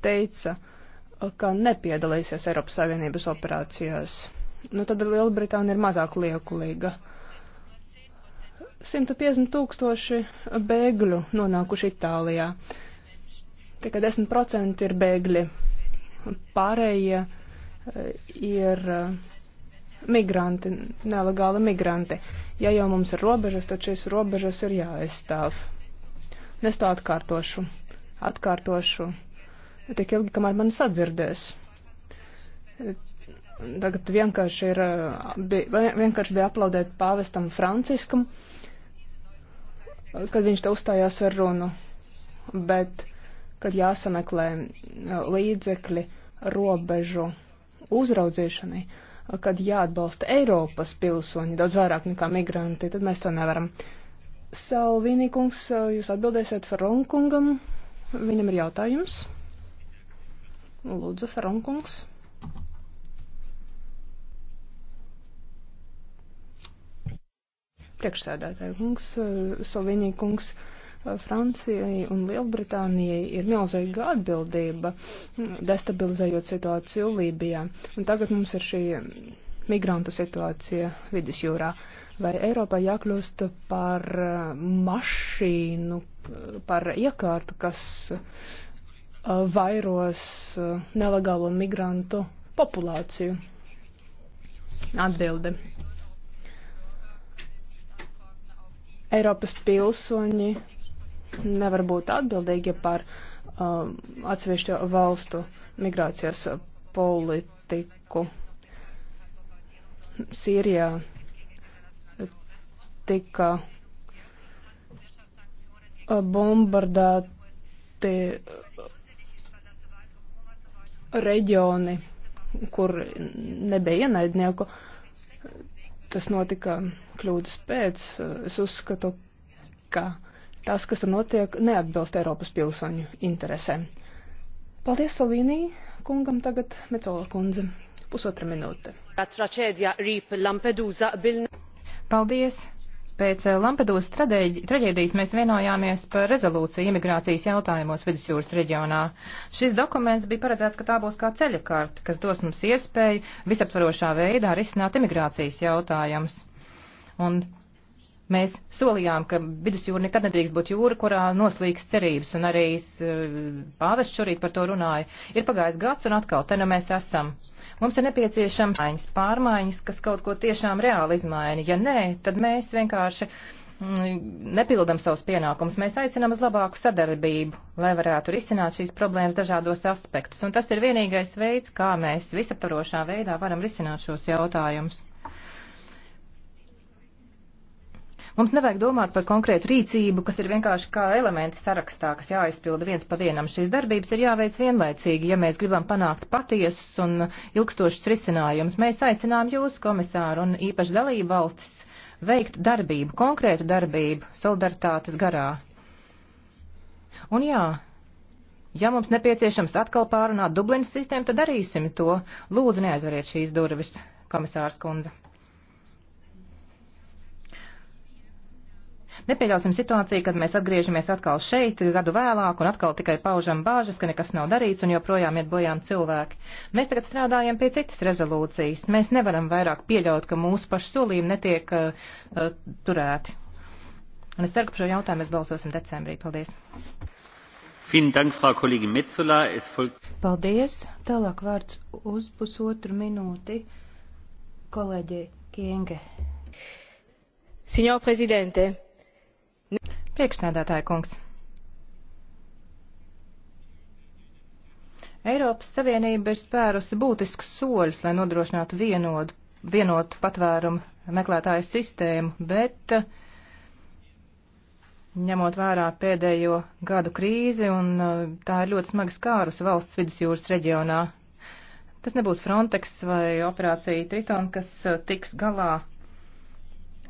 teica, ka nepiedalīsies Eiropas Savienības operācijās. Nu, tad Lielbritānija ir mazāk liekulīga. 150 tūkstoši bēgļu nonākuši Itālijā. Tikai 10% ir bēgļi. Pārējie eh, ir eh, migranti, nelegāli migranti. Ja jau mums ir robežas, tad šīs robežas ir jāaizstāv. Es to atkārtošu. Atkārtošu tik ilgi, kamēr man sadzirdēs. Tagad vienkārši, ir, bija, vienkārši bija aplaudēt pāvestam Franciskam, kad viņš te uzstājās ar runu. Bet, kad jāsameklē eh, līdzekļi robežu uzraudzīšanai, kad jāatbalsta Eiropas pilsoņi daudz vairāk nekā migranti, tad mēs to nevaram. Salvīnī kungs, eh, jūs atbildēsiet Faronkungam, viņam ir jautājums. Lūdzu, Feronkungs. Priekšsēdētāji kungs, Sovinī kungs. Francijai un Lielbritānijai ir milzīga atbildība, destabilizējot situāciju Lībijā. Un tagad mums ir šī migrantu situācija vidusjūrā. Vai Eiropā jākļūst par mašīnu, par iekārtu, kas Uh, vairos uh, nelegālo migrantu populāciju? Atbilde. Eiropas pilsoņi nevar būt atbildīgi par um, atsevišķo valstu migrācijas politiku. Sīrijā tika uh, bombardēti reģioni, kur nebija ienaidnieku. Tas notika kļūdas pēc. Es uzskatu, ka tas, kas tur notiek, neatbilst Eiropas pilsoņu interesēm. Paldies Salvīnī kungam tagad Mecola kundze. Pusotra minūte. Paldies! Pēc eh, Lampedūzas traģēdijas mēs vienojāmies par rezolūciju imigrācijas jautājumos vidusjūras reģionā. Šis dokuments bija paredzēts, ka tā būs kā ceļakārta, kas dos mums iespēju visaptvarošā veidā risināt imigrācijas jautājumus. Un mēs solījām, ka vidusjūra nekad nedrīkst būt jūra, kurā noslīgs cerības, un arī eh, pāvests šorīt par to runāja. Ir pagājis gads, un atkal te nu mēs esam. Mums ir nepieciešams pārmaiņas, pārmaiņas, kas kaut ko tiešām reāli izmaina. Ja nē, tad mēs vienkārši mm, nepildam savus pienākumus. Mēs aicinām uz labāku sadarbību, lai varētu risināt šīs problēmas dažādos aspektus. Un tas ir vienīgais veids, kā mēs visaptarošā veidā varam risināt šos jautājumus. Mums nevajag domāt par konkrētu rīcību, kas ir vienkārši kā elementi sarakstā, kas jāizpilda viens pa vienam. Šīs darbības ir jāveic vienlaicīgi, ja mēs gribam panākt patiesus un ilgstošus risinājumus. Mēs aicinām jūs, komisāru, un īpaši dalību valstis veikt darbību, konkrētu darbību solidaritātes garā. Un jā, ja mums nepieciešams atkal pārunāt Dublinas sistēmu, tad darīsim to. Lūdzu, neaizveriet šīs durvis, komisārs kundze. Nepieļausim situāciju, kad mēs atgriežamies atkal šeit gadu vēlāk un atkal tikai paužam bāžas, ka nekas nav darīts un joprojām iet bojām cilvēki. Mēs tagad strādājam pie citas rezolūcijas. Mēs nevaram vairāk pieļaut, ka mūsu pašu solījumi netiek uh, uh, turēti. Un es ceru, ka par šo jautājumu mēs balsosim decembrī. Paldies! Paldies! Tālāk vārds uz pusotru minūti kolēģei Kienge. Signor Presidente, Priekšsēdētāja kungs. Eiropas Savienība ir spērusi būtiskus soļus, lai nodrošinātu vienodu, vienotu patvērumu meklētāju sistēmu, bet ņemot vērā pēdējo gadu krīzi, un tā ir ļoti smagi skārus valsts vidusjūras reģionā. Tas nebūs Frontex vai operācija Triton, kas tiks galā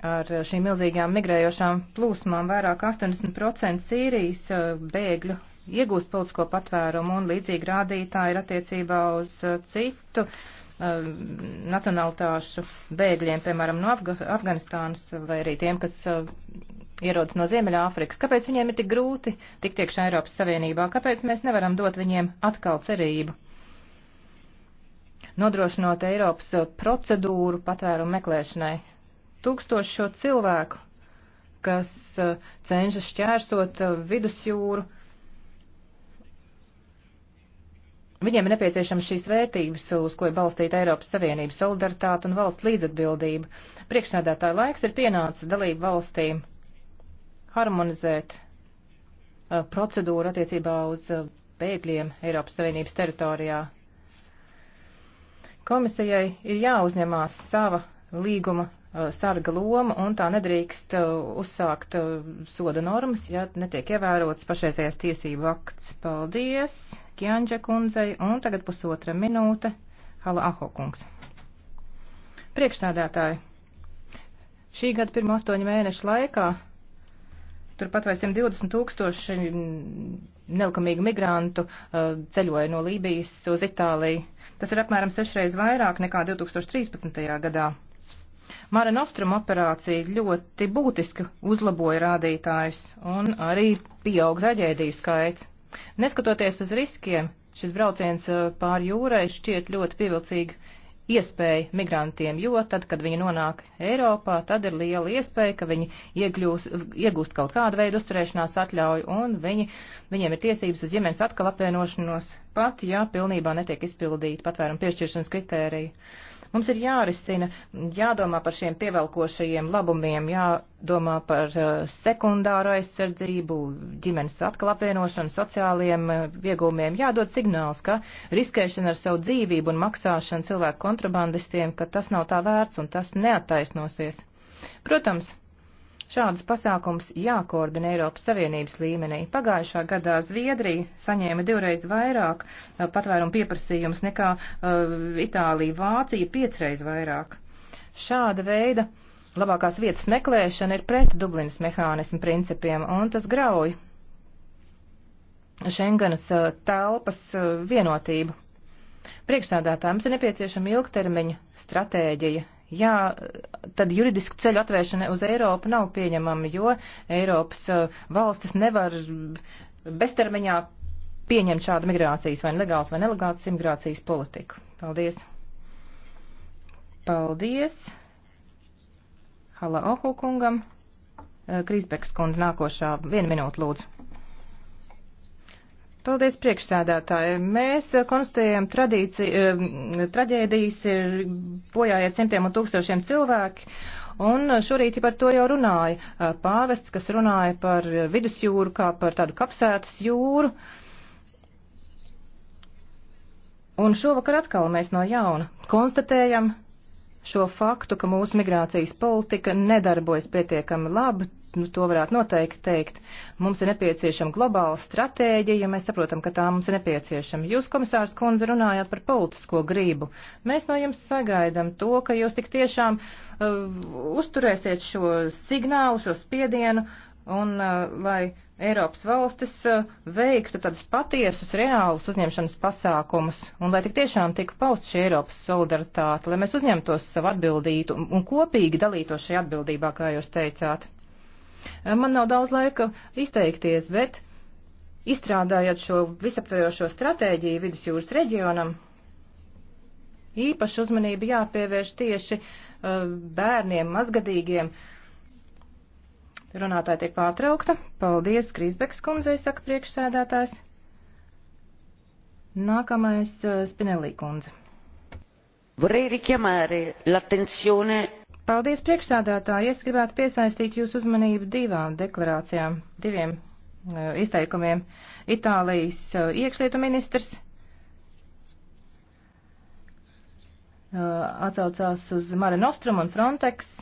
ar šīm milzīgajām migrējošām plūsmām vairāk 80% Sīrijas eh, bēgļu iegūst politisko patvērumu un līdzīgi rādītāji ir attiecībā uz eh, citu uh, nacionalitāšu bēgļiem, piemēram, no Afga Afganistānas vai arī tiem, kas uh, ierodas no Ziemeļāfrikas. Kāpēc viņiem ir tik grūti tikt iekšā Eiropas Savienībā? Kāpēc mēs nevaram dot viņiem atkal cerību? Nodrošinot Eiropas procedūru patvērumu meklēšanai, tūkstoši šo cilvēku, kas uh, cenšas šķērsot uh, vidusjūru. Viņiem ir nepieciešams šīs vērtības, uz ko ir balstīta Eiropas Savienības solidaritāte un valsts līdzatbildība. Priekšsēdētāja laiks ir pienācis dalību valstīm harmonizēt uh, procedūru attiecībā uz uh, bēgļiem Eiropas Savienības teritorijā. Komisijai ir jāuzņemās sava līguma Uh, sarga loma un tā nedrīkst uh, uzsākt uh, soda normas, ja netiek ievērots pašreizējais tiesību akts. Paldies Kianģa kundzei un tagad pusotra minūte Hala Aho kungs. Priekšsādātāji, šī gada pirmo astoņu mēnešu laikā turpat vai 120 tūkstoši nelikumīgu migrantu ceļoja no Lībijas uz Itāliju. Tas ir apmēram sešreiz vairāk nekā 2013. gadā. Mare Nostrum operācija ļoti būtiski uzlaboja rādītājus un arī pieaug traģēdiju skaits. Neskatoties uz riskiem, šis brauciens pāri jūrai šķiet ļoti pievilcīga iespēja migrantiem, jo tad, kad viņi nonāk Eiropā, tad ir liela iespēja, ka viņi iegļūs, iegūst kaut kādu veidu uzturēšanās atļauju un viņi, viņiem ir tiesības uz ģimenes atkal apvienošanos, pat ja pilnībā netiek izpildīta patvērumu piešķiršanas kritērija. Mums ir jārisina, jādomā par šiem pievelkošajiem labumiem, jādomā par uh, sekundāro aizsardzību, ģimenes atkal apvienošanu, sociāliem uh, iegūmiem, jādod signāls, ka riskēšana ar savu dzīvību un maksāšana cilvēku kontrabandistiem, ka tas nav tā vērts un tas neattaisnosies. Protams, Šādus pasākums jākoordinē Eiropas Savienības līmenī. Pagājušā gadā Zviedrija saņēma divreiz vairāk patvērumu pieprasījums nekā uh, Itālija, Vācija piecreiz vairāk. Šāda veida labākās vietas meklēšana ir pret Dublinas mehānismu principiem, un tas grauj Šengenas uh, telpas uh, vienotību. Priekšsādātājums ir nepieciešama ilgtermiņa stratēģija jā, tad juridisku ceļu atvēršana uz Eiropu nav pieņemama, jo Eiropas uh, valstis nevar beztermiņā pieņemt šādu migrācijas vai legāls vai nelegāls imigrācijas politiku. Paldies. Paldies. Hala Ohu kungam. Uh, Krīsbeks kundze nākošā. Vienu minūtu lūdzu. Paldies priekšsēdētāji. Mēs konstatējam traģēdijas, ir bojājiet simtiem un tūkstošiem cilvēki. Un šorīt par to jau runāja pāvests, kas runāja par vidusjūru kā par tādu kapsētas jūru. Un šovakar atkal mēs no jauna konstatējam šo faktu, ka mūsu migrācijas politika nedarbojas pietiekami labi, nu, to varētu noteikti teikt. Mums ir nepieciešama globāla stratēģija, ja mēs saprotam, ka tā mums ir nepieciešama. Jūs, komisārs Kundze, runājāt par politisko grību. Mēs no jums sagaidām to, ka jūs tik tiešām uh, uzturēsiet šo signālu, šo spiedienu, un uh, lai Eiropas valstis uh, veiktu tādus patiesus, reālus uzņemšanas pasākumus, un lai tik tiešām tika paust šī Eiropas solidaritāte, lai mēs uzņemtos savu atbildību un kopīgi dalītos šajā atbildībā, kā jūs teicāt. Man nav daudz laika izteikties, bet izstrādājot šo visaptverošo stratēģiju vidusjūras reģionam, īpaši uzmanība jāpievērš tieši uh, bērniem, mazgadīgiem. Runātāja tiek pārtraukta. Paldies, Krīsbeks kundzei, saka priekšsēdētājs. Nākamais uh, Spinelī kundze. Vorrei richiamare l'attenzione Paldies priekšsādātāji. Es gribētu piesaistīt jūsu uzmanību divām deklarācijām, diviem uh, izteikumiem. Itālijas uh, iekšlietu ministrs uh, atsaucās uz Mare Nostrum un Frontex.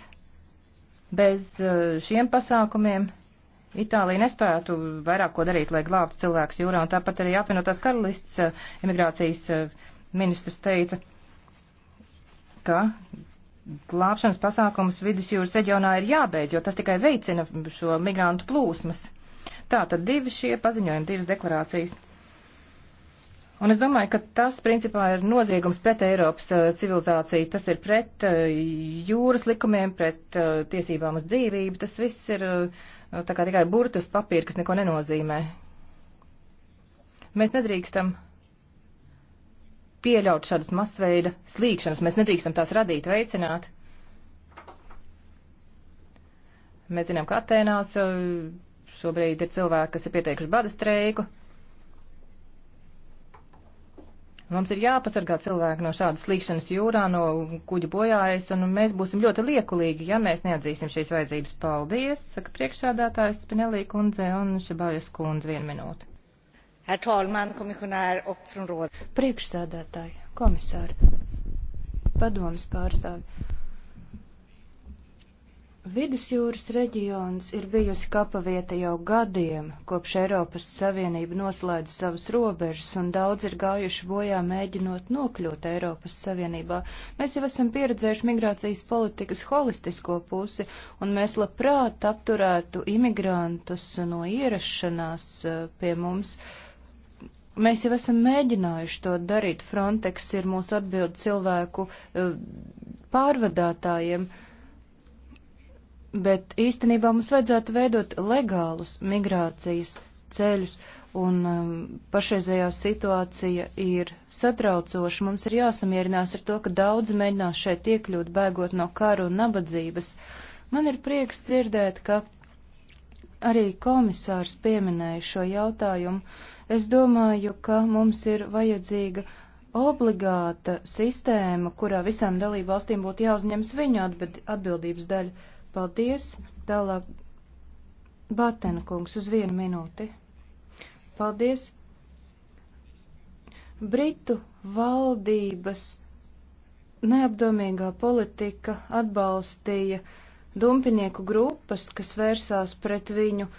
Bez uh, šiem pasākumiem Itālija nespētu vairāk ko darīt, lai glābtu cilvēkus jūrā, un tāpat arī apvienotās karalists uh, imigrācijas uh, ministrs teica, ka glābšanas pasākums vidusjūras reģionā ir jābeidz, jo tas tikai veicina šo migrantu plūsmas. Tā tad divi šie paziņojumi, divas deklarācijas. Un es domāju, ka tas principā ir noziegums pret Eiropas uh, civilizāciju, tas ir pret uh, jūras likumiem, pret uh, tiesībām uz dzīvību, tas viss ir uh, tā kā tikai burtus papīra, kas neko nenozīmē. Mēs nedrīkstam uh, pieļaut šādas masveida slīkšanas. Mēs nedrīkstam tās radīt, veicināt. Mēs zinām, ka Atēnās eh, šobrīd ir cilvēki, kas ir pieteikuši bada streiku. Mums ir jāpasargā cilvēki no šādas slīkšanas jūrā, no kuģa bojājas, un mēs būsim ļoti liekulīgi, ja mēs neatzīsim šīs vajadzības. Paldies, saka priekšādātājs Spinelī kundze un Šabājas kundze vienu minūti. Priekšsēdētāji, komisāri, padomas pārstāvi. Vidusjūras reģions ir bijusi kapavieta jau gadiem, kopš Eiropas Savienība noslēdz savas robežas, un daudz ir gājuši bojā mēģinot nokļūt Eiropas Savienībā. Mēs jau esam pieredzējuši migrācijas politikas holistisko pusi, un mēs labprāt apturētu imigrantus no ierašanās eh, pie mums. Uh, Mēs jau esam mēģinājuši to darīt. Frontex ir mūsu atbildi cilvēku e, pārvadātājiem, bet īstenībā mums vajadzētu veidot legālus migrācijas ceļus, un um, pašreizējā situācija ir satraucoša. Mums ir jāsamierinās ar to, ka daudzi mēģinās šeit iekļūt, bēgot no kara un nabadzības. Man ir prieks dzirdēt, ka arī komisārs pieminēja šo jautājumu. Uh, Es domāju, ka mums ir vajadzīga obligāta sistēma, kurā visām dalību valstīm būtu jāuzņems viņu atbildības daļa. Paldies! Tālāk Batena kungs uz vienu minūti. Paldies! Britu valdības neapdomīgā politika atbalstīja dumpinieku grupas, kas vērsās pret viņu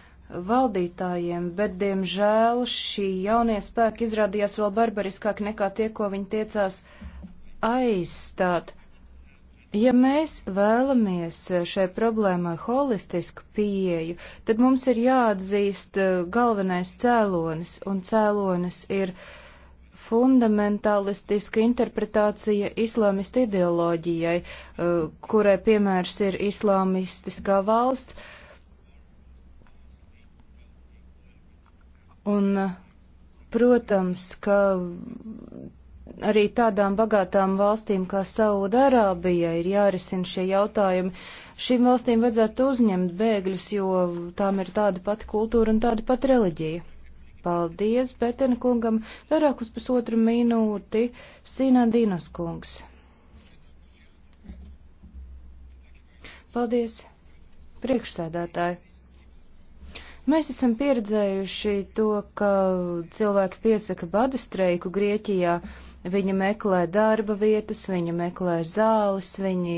valdītājiem, bet, diemžēl, šī jaunie spēki izrādījās vēl barbariskāki nekā tie, ko viņi tiecās aizstāt. Ja mēs vēlamies šai problēmai holistisku pieeju, tad mums ir jāatzīst eh, galvenais cēlonis, un cēlonis ir fundamentālistiska interpretācija islāmistu ideoloģijai, eh, kurai piemērs ir islāmistiskā valsts, Un, protams, ka arī tādām bagātām valstīm kā Saudārābija ir jārisina šie jautājumi. Šīm valstīm vajadzētu uzņemt bēgļus, jo tām ir tāda pati kultūra un tāda pati reliģija. Paldies, Betena kungam, vairāk uz pusotru minūti, Sīnā Dīnas kungs. Paldies, priekšsēdētāji. Mēs esam pieredzējuši to, ka cilvēki piesaka badu streiku Grieķijā. Viņi meklē darba vietas, viņi meklē zāles, viņi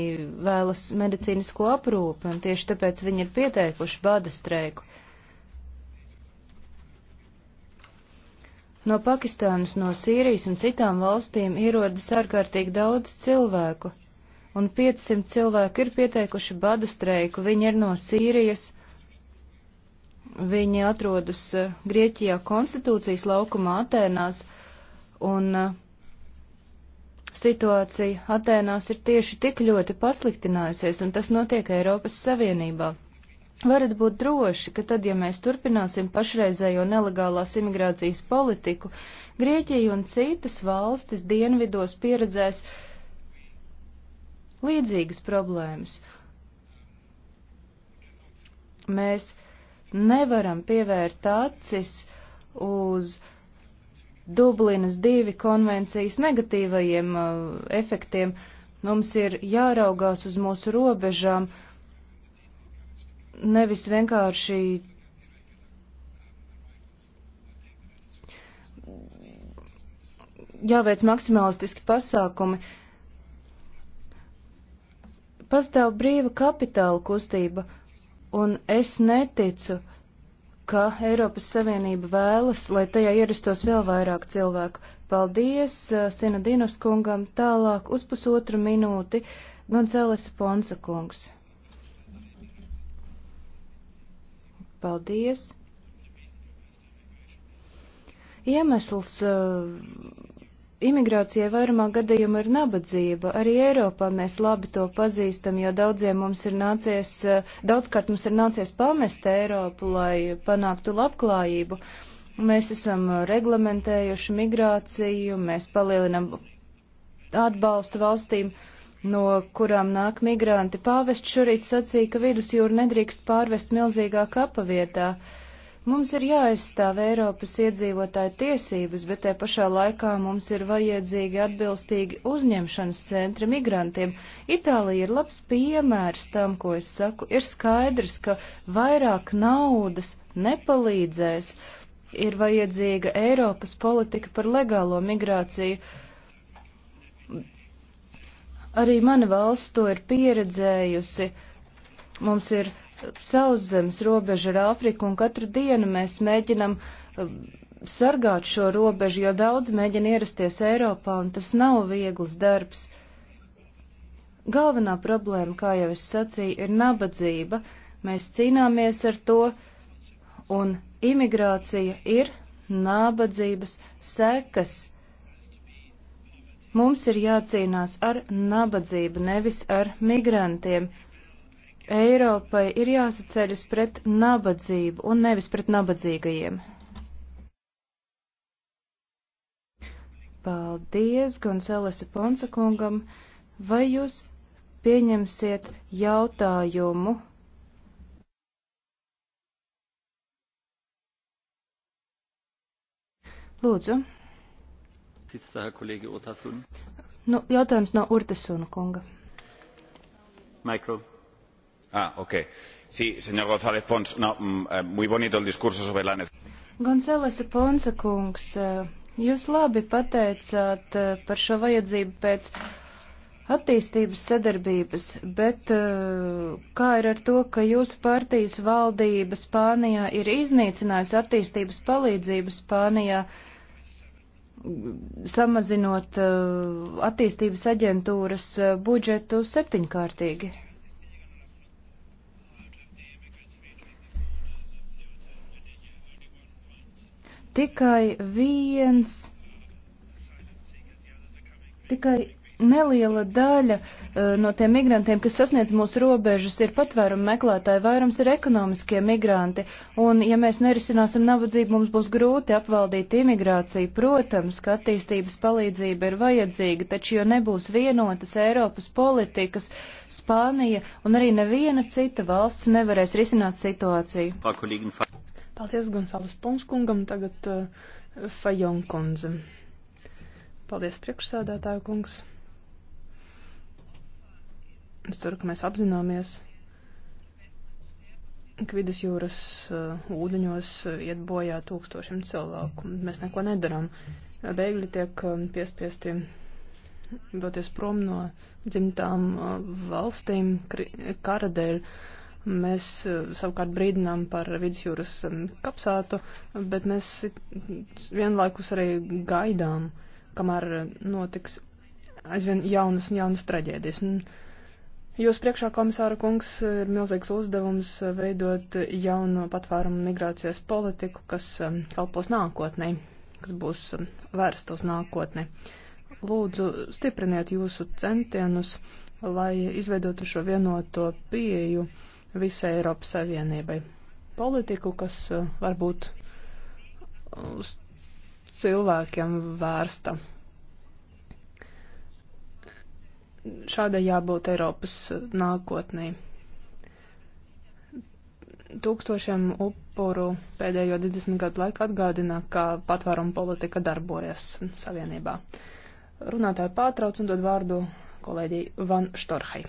vēlas medicīnisko aprūpi, un tieši tāpēc viņi ir pieteikuši bada streiku. No Pakistānas, no Sīrijas un citām valstīm ierodas ārkārtīgi daudz cilvēku, un 500 cilvēku ir pieteikuši badu streiku, viņi ir no Sīrijas, Viņi atrodas eh, Grieķijā konstitūcijas laukumā Atēnās, un eh, situācija Atēnās ir tieši tik ļoti pasliktinājusies, un tas notiek Eiropas Savienībā. Varat būt droši, ka tad, ja mēs turpināsim pašreizējo nelegālās imigrācijas politiku, Grieķija un citas valstis dienvidos pieredzēs līdzīgas problēmas. Mēs nevaram pievērt acis uz Dublinas divi konvencijas negatīvajiem uh, efektiem. Mums ir jāraugās uz mūsu robežām, nevis vienkārši jāveic maksimalistiski pasākumi. Pastāv brīva kapitāla kustība. Uh, Un es neticu, ka Eiropas Savienība vēlas, lai tajā ierastos vēl vairāk cilvēku. Paldies uh, Sena Dinas kungam tālāk uz pusotru minūti Gonzales Ponsa kungs. Paldies. Iemesls uh, imigrācijai vairumā gadījumu ir nabadzība. Arī Eiropā mēs labi to pazīstam, jo daudziem mums ir nācies, eh, daudzkārt mums ir nācies pamest Eiropu, lai panāktu labklājību. Mēs esam reglamentējuši migrāciju, mēs palielinam atbalstu valstīm, no kurām nāk migranti. Pāvests šorīt sacīja, ka vidusjūru nedrīkst pārvest milzīgā kapavietā. vietā. Mums ir jāaizstāv Eiropas iedzīvotāju tiesības, bet te pašā laikā mums ir vajadzīgi atbilstīgi uzņemšanas centri migrantiem. Itālija ir labs piemērs tam, ko es saku. Ir skaidrs, ka vairāk naudas nepalīdzēs. Ir vajadzīga Eiropas politika par legālo migrāciju. Arī mana valsts to ir pieredzējusi. Mums ir sauszemes robeža ar Āfriku, un katru dienu mēs mēģinam um, sargāt šo robežu, jo daudz mēģina ierasties Eiropā, un tas nav viegls darbs. Galvenā problēma, kā jau es sacīju, ir nabadzība. Mēs cīnāmies ar to, un imigrācija ir nabadzības sekas. Mums ir jācīnās ar nabadzību, nevis ar migrantiem. Eiropai ir jāsaceļas pret nabadzību un nevis pret nabadzīgajiem. Paldies Gonsalesa Ponsakungam. Vai jūs pieņemsiet jautājumu? Lūdzu. Nu, jautājums no Urtasuna kunga. Mikro. Ah, okay. Sí, señor González Pons, no, mm, eh, muy bonito el discurso sobre la necesidad. Gonzales Ponsa kungs, eh, jūs labi pateicāt eh, par šo vajadzību pēc attīstības sadarbības, bet kā ir ar to, ka jūsu partijas valdība Spānijā ir iznīcinājusi attīstības palīdzību Spānijā, mm, samazinot attīstības aģentūras budžetu septiņkārtīgi? tikai viens, tikai neliela daļa eh, no tiem migrantiem, kas sasniedz mūsu robežas, ir patvērumu meklētāji, vairums ir ekonomiskie migranti, un ja mēs nerisināsim nabadzību, mums būs grūti apvaldīt imigrāciju. Protams, ka attīstības palīdzība ir vajadzīga, taču jo nebūs vienotas Eiropas politikas, Spānija un arī neviena cita valsts nevarēs risināt situāciju. Paldies Gonsalas Punskungam, tagad uh, eh, Fajonkundze. Paldies priekšsēdētāju kungs. Es ceru, ka mēs apzināmies, ka vidus jūras uh, ūdeņos eh, iet bojā tūkstošiem cilvēku. Mēs neko nedaram. Bēgļi tiek uh, piespiesti doties prom no dzimtām uh, valstīm kara dēļ. Uh, Mēs eh, savukārt brīdinām par vidusjūras eh, kapsētu, bet mēs vienlaikus arī gaidām, kamēr eh, notiks aizvien jaunas un jaunas traģēdijas. Jūs priekšā, komisāra kungs, ir milzīgs uzdevums veidot jauno patvērumu migrācijas politiku, kas kalpos nākotnē, kas būs vērsta uz nākotni. Lūdzu, stipriniet jūsu centienus, lai izveidotu šo vienoto pieju visai Eiropas Savienībai. Politiku, kas eh, varbūt uz cilvēkiem vērsta. Šādai jābūt Eiropas eh, nākotnē. Tūkstošiem upuru pēdējo 20 gadu laiku atgādina, ka patvērumu politika darbojas Savienībā. Runātāji pārtrauc un dod vārdu kolēģi Van Štorhai.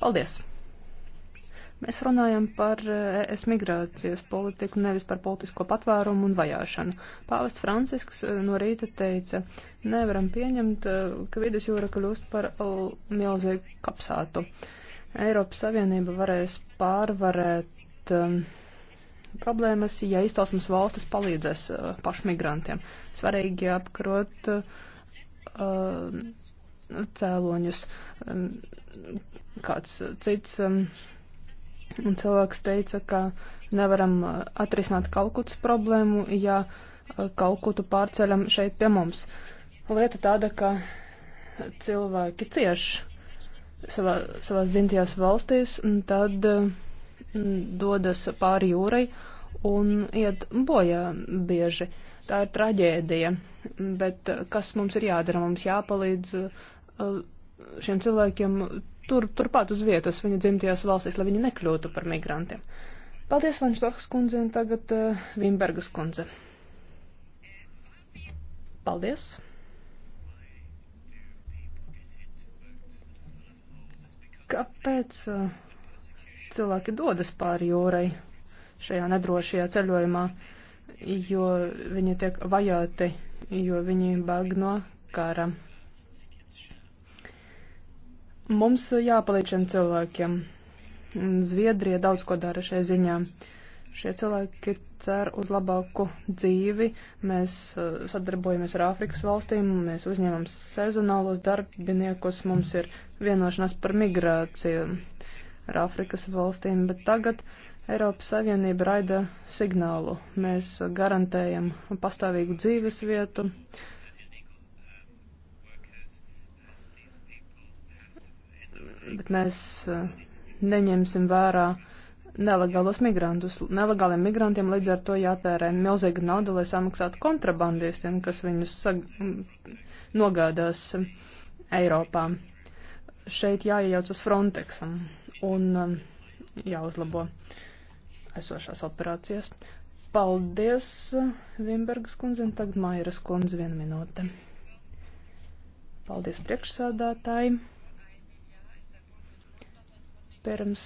Paldies! Mēs runājam par eh, es migrācijas politiku, nevis par politisko patvērumu un vajāšanu. Pāvests Francisks eh, no rīta teica, nevaram pieņemt, eh, ka vidus jūra kļūst par milzīgu kapsātu. Eiropas Savienība varēs pārvarēt um, problēmas, ja izcelsmes valstis palīdzēs uh, pašmigrantiem. Svarīgi apkarot uh, cēloņus. Um, kāds cits. Um, Un cilvēks teica, ka nevaram uh, atrisināt Kalkutas problēmu, ja uh, Kalkutu pārceļam šeit pie mums. Lieta tāda, ka cilvēki cieš savā, savās dzimtajās valstīs, un tad uh, dodas pāri jūrai un iet bojā bieži. Tā ir traģēdija, bet kas mums ir jādara? Mums jāpalīdz šiem cilvēkiem tur, turpat uz vietas viņa dzimtajās valstīs, lai viņi nekļūtu par migrantiem. Paldies, Vanštoks kundze, un tagad uh, Vimbergas kundze. Paldies! Kāpēc uh, cilvēki dodas pāri jūrai šajā nedrošajā ceļojumā, jo viņi tiek vajāti, jo viņi bēg no kara? Mums jāpalīdz šiem cilvēkiem. Zviedrija daudz ko dara šajā ziņā. Šie cilvēki cer uz labāku dzīvi. Mēs eh, sadarbojamies ar Āfrikas valstīm, mēs uzņemam sezonālos darbiniekus, mums ir vienošanās par migrāciju ar Āfrikas valstīm, bet tagad Eiropas Savienība raida signālu. Mēs garantējam pastāvīgu dzīves vietu, uh, bet mēs eh, neņemsim vērā nelegālos migrantus. Nelegāliem migrantiem līdz ar to jātērē milzīga nauda, lai samaksātu kontrabandistiem, kas viņus sag... nogādās Eiropā. Šeit jāiejaucas Frontexam un jāuzlabo esošās operācijas. Paldies, Vimbergas kundze, un tagad Mairas kundze vienu minūte. Paldies priekšsādātāji. Pirms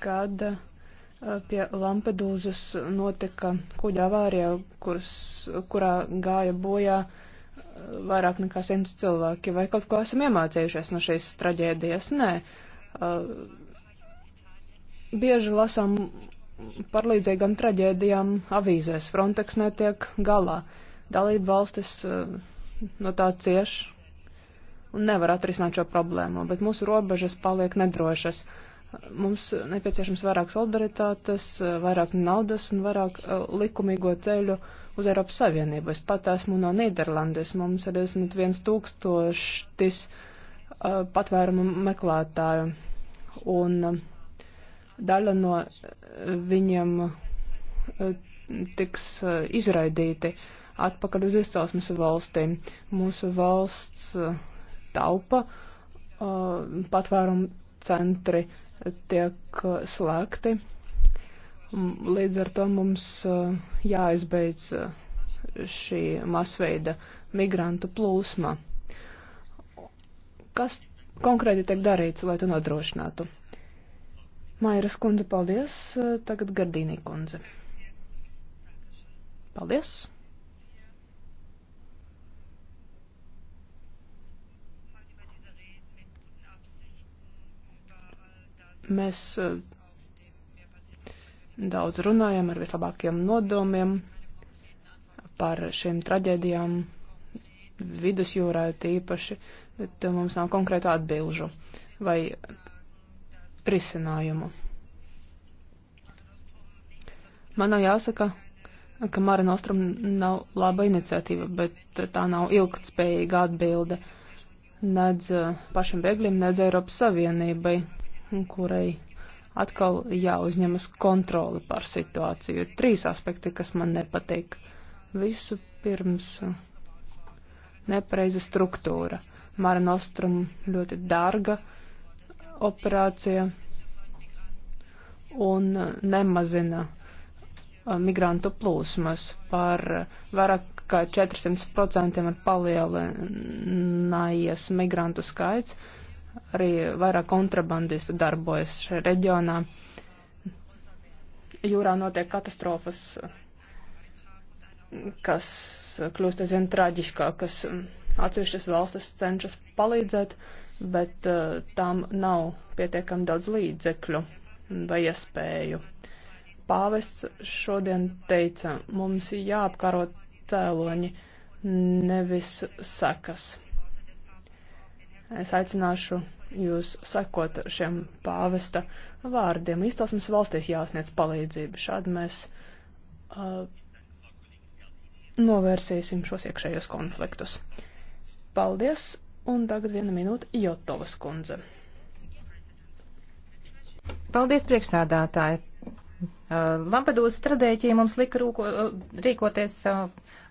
gada eh, pie Lampedūzas notika kuģa avārija, kuras, kurā gāja bojā eh, vairāk nekā simts cilvēki. Vai kaut ko esam iemācījušies no šīs traģēdijas? Nē. Eh, bieži lasām par līdzīgām traģēdijām avīzēs. Frontex netiek galā. Dalība valstis no tā cieš un nevar atrisināt šo problēmu, bet mūsu robežas paliek nedrošas. Uh, Mums nepieciešams vairāk solidaritātes, vairāk naudas un vairāk eh, likumīgo ceļu uz Eiropas Savienību. Es pat esmu no Nīderlandes. Mums ir 21 tūkstošis eh, patvērumu meklētāju. Un eh, daļa no viņiem tiks izraidīti atpakaļ uz izcelsmes valstīm. Mūsu valsts taupa patvērumu centri tiek uh, slēgti. Līdz ar to mums uh, jāizbeidz uh, šī masveida migrantu plūsma. Kas konkrēti tiek darīts, lai to nodrošinātu? Mairas kundze, paldies. Tagad Gardīnī kundze. Paldies. Mēs eh, daudz runājam ar vislabākiem nodomiem par šīm traģēdijām vidusjūrā tīpaši, bet mums nav konkrētu atbilžu vai risinājumu. Man nav jāsaka, ka Mara Nostrum nav laba iniciatīva, bet tā nav ilgtspējīga atbilde nedz eh, pašam bēgļiem, nedz Eiropas Savienībai kurai atkal jāuzņemas kontroli pār situāciju. Ir trīs aspekti, kas man nepatīk. Visu pirms nepareiza struktūra. Mara Nostrum ļoti dārga operācija un nemazina uh, migrantu plūsmas par uh, vairāk kā 400% ir palielinājies migrantu skaits. Uh, arī vairāk kontrabandistu darbojas šajā reģionā. Jūrā notiek katastrofas, kas kļūst aizvien traģiskākas. Atsevišķas valstis cenšas palīdzēt, bet uh, tām nav pietiekami daudz līdzekļu vai iespēju. Pāvests šodien teica, mums jāapkaro cēloņi, nevis sekas Es aicināšu jūs sekot šiem pāvesta vārdiem. Izcelsmes valstīs jāsniedz palīdzība. Šādi mēs uh, novērsīsim šos iekšējos konfliktus. Paldies, un tagad viena minūte Jotovas kundze. Paldies, priekšsādātāji. Uh, Lampedūzas stratēģija mums lika rūko, rīkoties uh,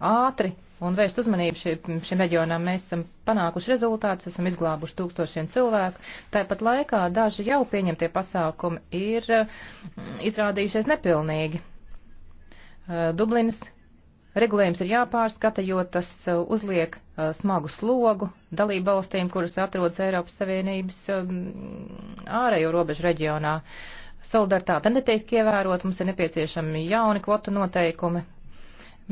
ātri un vērst uzmanību šim, šim reģionam. Mēs esam panākuši rezultātus, esam izglābuši tūkstošiem cilvēku. Tāpat laikā daži jau pieņemtie pasākumi ir mm, izrādījušies nepilnīgi. Dublinas regulējums ir jāpārskata, jo tas uzliek smagu slogu dalību valstīm, kuras atrodas Eiropas Savienības ārējo robežu reģionā. Solidaritāte netiek ievērot, mums ir nepieciešami jauni kvotu noteikumi,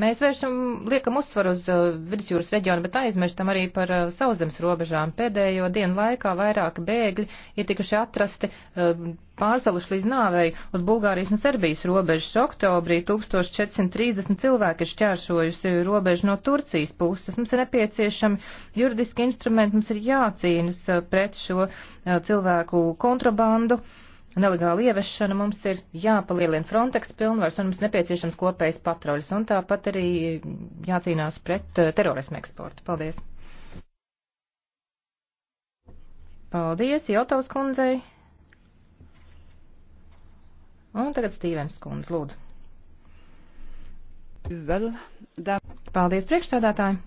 Mēs vēršam, liekam uzsvaru uz uh, vidusjūras reģionu, bet aizmirstam arī par uh, sauszemes robežām. Pēdējo dienu laikā vairāki bēgļi ir tikuši atrasti uh, pārsaluši līdz nāvei uz Bulgārijas un Serbijas robežas. Oktobrī 1430 cilvēki ir šķēršojusi robežu no Turcijas puses. Mums ir nepieciešami juridiski instrumenti, mums ir jācīnas uh, pret šo uh, cilvēku kontrabandu. Uh, nelegāla ievešana, mums ir jāpalielina Frontex pilnvars un mums nepieciešams kopējas patruļas un tāpat arī jācīnās pret eh, terorismu eksportu. Paldies! Paldies Jotovs kundzei! Un tagad Stīvens kundz, lūdzu. Vēl, da. Paldies priekšsādātāji!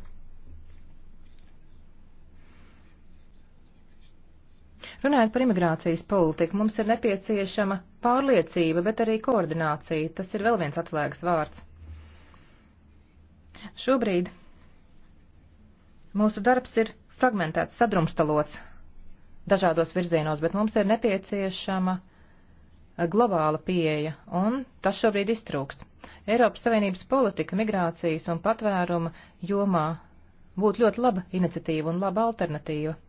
Runājot par imigrācijas politiku, mums ir nepieciešama pārliecība, bet arī koordinācija. Tas ir vēl viens atslēgas vārds. Šobrīd mūsu darbs ir fragmentēts, sadrumstalots dažādos virzienos, bet mums ir nepieciešama globāla pieeja, un tas šobrīd iztrūkst. Eiropas Savienības politika migrācijas un patvēruma jomā būtu ļoti laba iniciatīva un laba alternatīva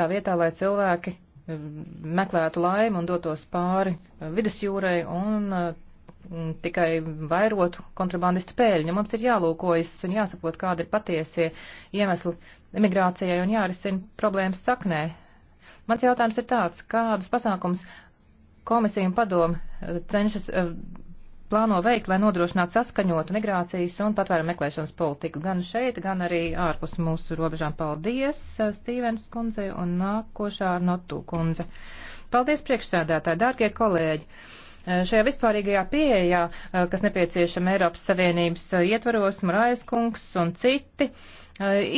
tā vietā, lai cilvēki mm, meklētu laimi un dotos pāri mm, vidusjūrai mm, un tikai vairotu kontrabandistu pēļņu. Mums ir jālūkojas un jāsaprot, kāda ir patiesie iemesli imigrācijai un jārisina problēmas saknē. Mans jautājums ir tāds, kādus pasākums komisija un padomu eh, cenšas eh, plāno veikt, lai nodrošinātu saskaņotu migrācijas un patvērumu meklēšanas politiku gan šeit, gan arī ārpus mūsu robežām. Paldies, Stīvens kundze un nākošā Notu kundze. Paldies, priekšsēdētāji, dārgie kolēģi! Šajā vispārīgajā pieejā, kas nepieciešama Eiropas Savienības ietvaros, Marais kungs un citi,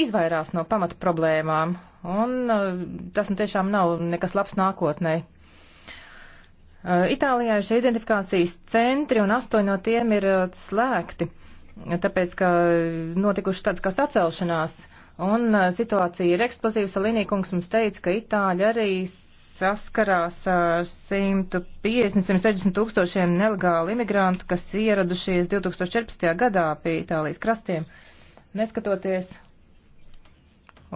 izvairās no pamatu problēmām. Un tas nu tiešām nav nekas labs nākotnē. Eh, Itālijā ir šie identifikācijas centri un astoņi no tiem ir eh, slēgti, tāpēc, ka notikuši tāds kā sacelšanās. Un eh, situācija ir eksplozīva. Salīnī kungs mums teica, ka Itāļi arī saskarās ar 150-160 tūkstošiem nelegālu imigrantu, kas ieradušies 2014. gadā pie Itālijas krastiem. Neskatoties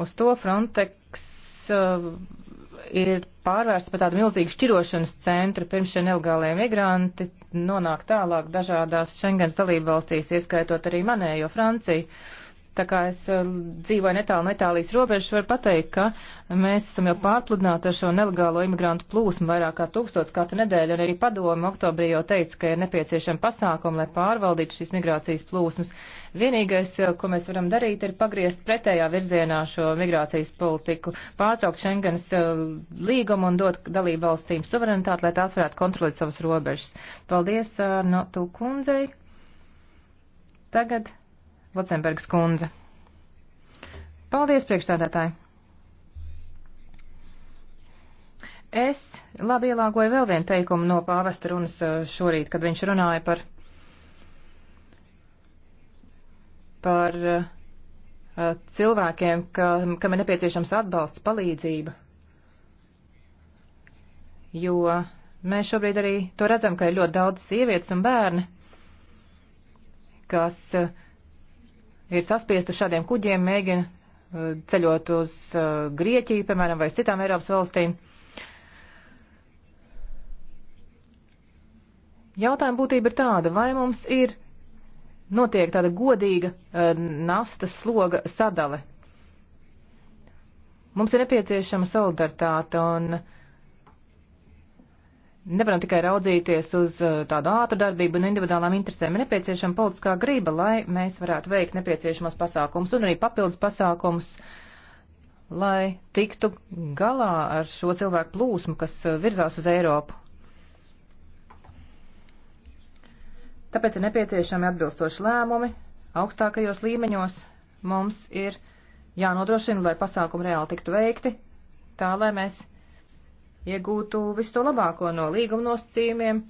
uz to, Frontex ir pārvērsta par tādu milzīgu šķirošanas centru. Pirms šie nelegālie migranti nonāk tālāk dažādās Schengens dalībvalstīs, ieskaitot arī manējo Franciju. Uh, Tā kā es um, dzīvoju netālu no Itālijas robežas, var pateikt, ka mēs esam jau pārpludināti ar šo nelegālo imigrantu plūsmu vairāk kā tūkstots katru nedēļu, un arī padomu oktobrī jau teica, ka ir nepieciešama pasākuma, lai pārvaldītu šīs migrācijas plūsmas. Vienīgais, uh, ko mēs varam darīt, ir pagriezt pretējā virzienā šo migrācijas politiku, pārtraukt Schengens uh, līgumu un dot dalību valstīm suverenitāti, lai tās varētu kontrolēt savas robežas. Paldies, Notu kundzei. Tagad Locembergas kundze. Paldies, priekšstādātāji! Es labi ielāgoju vēl vienu teikumu no pāvesta runas eh, šorīt, kad viņš runāja par, par eh, cilvēkiem, ka, kam ir nepieciešams atbalsts, palīdzība. Jo mēs šobrīd arī to redzam, ka ir ļoti daudz sievietes un bērni, kas uh, ir saspiesti šādiem kuģiem, mēģina uh, ceļot uz uh, Grieķiju, piemēram, vai citām Eiropas valstīm. Jautājuma būtība ir tāda, vai mums ir notiek tāda godīga uh, nastas sloga sadale. Mums ir nepieciešama solidaritāte un uh, Nevaram tikai raudzīties uz uh, tādu ātru darbību un individuālām interesēm. Ir nepieciešama politiskā grība, lai mēs varētu veikt nepieciešamos pasākumus un arī papildus pasākumus, lai tiktu galā ar šo cilvēku plūsmu, kas uh, virzās uz Eiropu. Tāpēc ir nepieciešami atbilstoši lēmumi augstākajos līmeņos. Mums ir jānodrošina, lai pasākumi reāli tiktu veikti, tā lai mēs iegūtu visu to labāko no līguma nosacījumiem,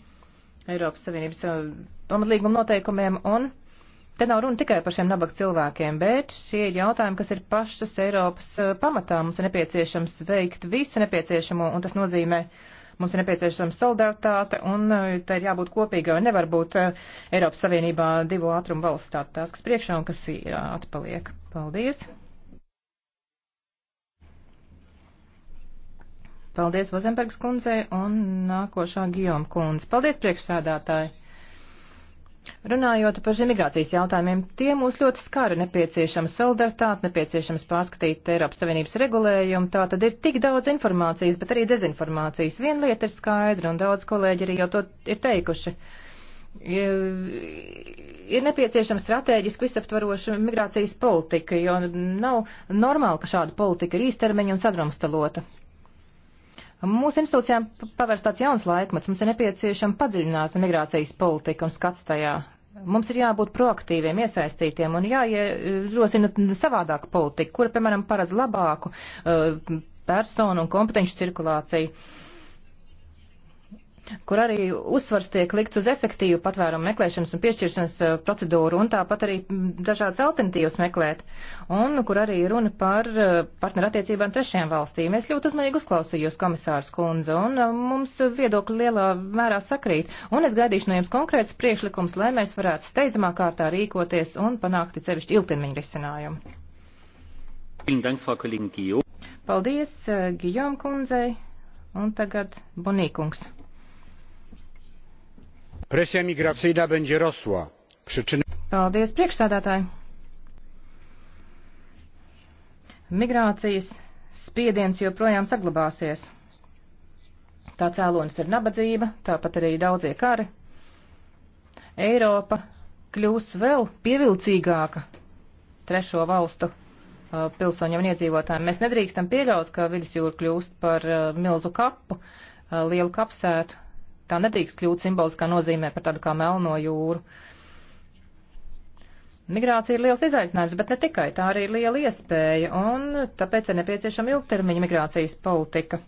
Eiropas Savienības uh, pamatlīguma noteikumiem, un te nav runa tikai par šiem nabaga cilvēkiem, bet šie ir jautājumi, kas ir pašas Eiropas uh, pamatā. Mums ir nepieciešams veikt visu nepieciešamo, un tas nozīmē, mums ir nepieciešama solidaritāte, un uh, tā ir jābūt kopīgai, un nevar būt Eiropas Savienībā divu ātrumu valsts tās, kas priekšā un kas atpaliek. Paldies! Paldies Vozembergs kundzei un nākošā Gijoma kundze. Paldies priekšsēdātāji! Runājot par imigrācijas jautājumiem, tie mūs ļoti skara nepieciešama solidaritāte, nepieciešams pārskatīt Eiropas Savienības regulējumu. Tā tad ir tik daudz informācijas, bet arī dezinformācijas. Viena lieta ir skaidra, un daudz kolēģi arī jau to ir teikuši. Ir nepieciešama strateģiski visaptvaroša migrācijas politika, jo nav normāli, ka šāda politika ir īstermeņa un sadrumstalota. Mūsu institūcijām pavērs tāds jauns laikmets. Mums ir nepieciešama padziļināta migrācijas politika un skats tajā. Mums ir jābūt proaktīviem, iesaistītiem un jāierosina savādāka politika, kura, piemēram, paredz labāku uh, personu un kompetenci cirkulāciju. Uh, kur arī uzsvars tiek likts uz efektīvu patvērumu meklēšanas un piešķiršanas eh, procedūru un tāpat arī mm, dažādas alternatīvas meklēt, un kur arī runa par eh, partnerattiecībām trešajām valstīm. Es ļoti uzmanīgi uzklausījos komisārs kundze, un eh, mums viedokļi lielā mērā sakrīt, un es gaidīšu no jums konkrēts priekšlikums, lai mēs varētu steidzamā kārtā rīkoties un panākt sevišķi ilgtermiņu risinājumu. Paldies, Gijom kundzei, un tagad Bonīkungs. Presja migracyjna będzie rosła. Przyczyny... Paldies, priekšsādātāji! Migrācijas spiediens joprojām saglabāsies. Tā cēlonis ir nabadzība, tāpat arī daudzie kari. Eiropa kļūs vēl pievilcīgāka trešo valstu uh, pilsoņiem un iedzīvotājiem. Mēs nedrīkstam pieļaut, ka Viļas jūra kļūst par uh, milzu kapu, uh, lielu kapsētu tā nedrīkst kļūt simboliskā nozīmē par tādu kā melno jūru. Migrācija ir liels izaicinājums, bet ne tikai, tā arī ir liela iespēja, un tāpēc ir nepieciešama ilgtermiņa migrācijas politika,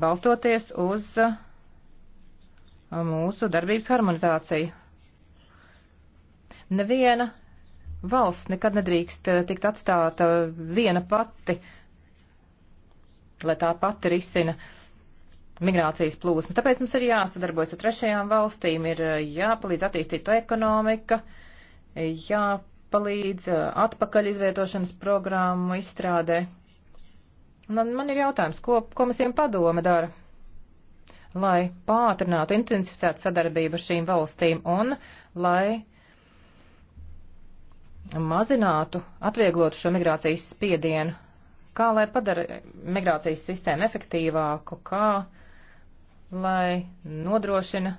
balstoties uz uh, mūsu darbības harmonizāciju. Neviena valsts nekad nedrīkst uh, tikt atstāta viena pati, lai tā pati risina uh, migrācijas plūsmu. Tāpēc mums ir jāsadarbojas ar trešajām valstīm, ir eh, jāpalīdz attīstīt to ekonomika, jāpalīdz eh, atpakaļ izvietošanas programmu izstrādē. Man, man ir jautājums, ko komisijām padome dara, lai pātrinātu, intensificētu sadarbību ar šīm valstīm un lai mazinātu, atvieglotu šo migrācijas spiedienu, kā lai padara migrācijas sistēmu efektīvāku, kā lai nodrošina,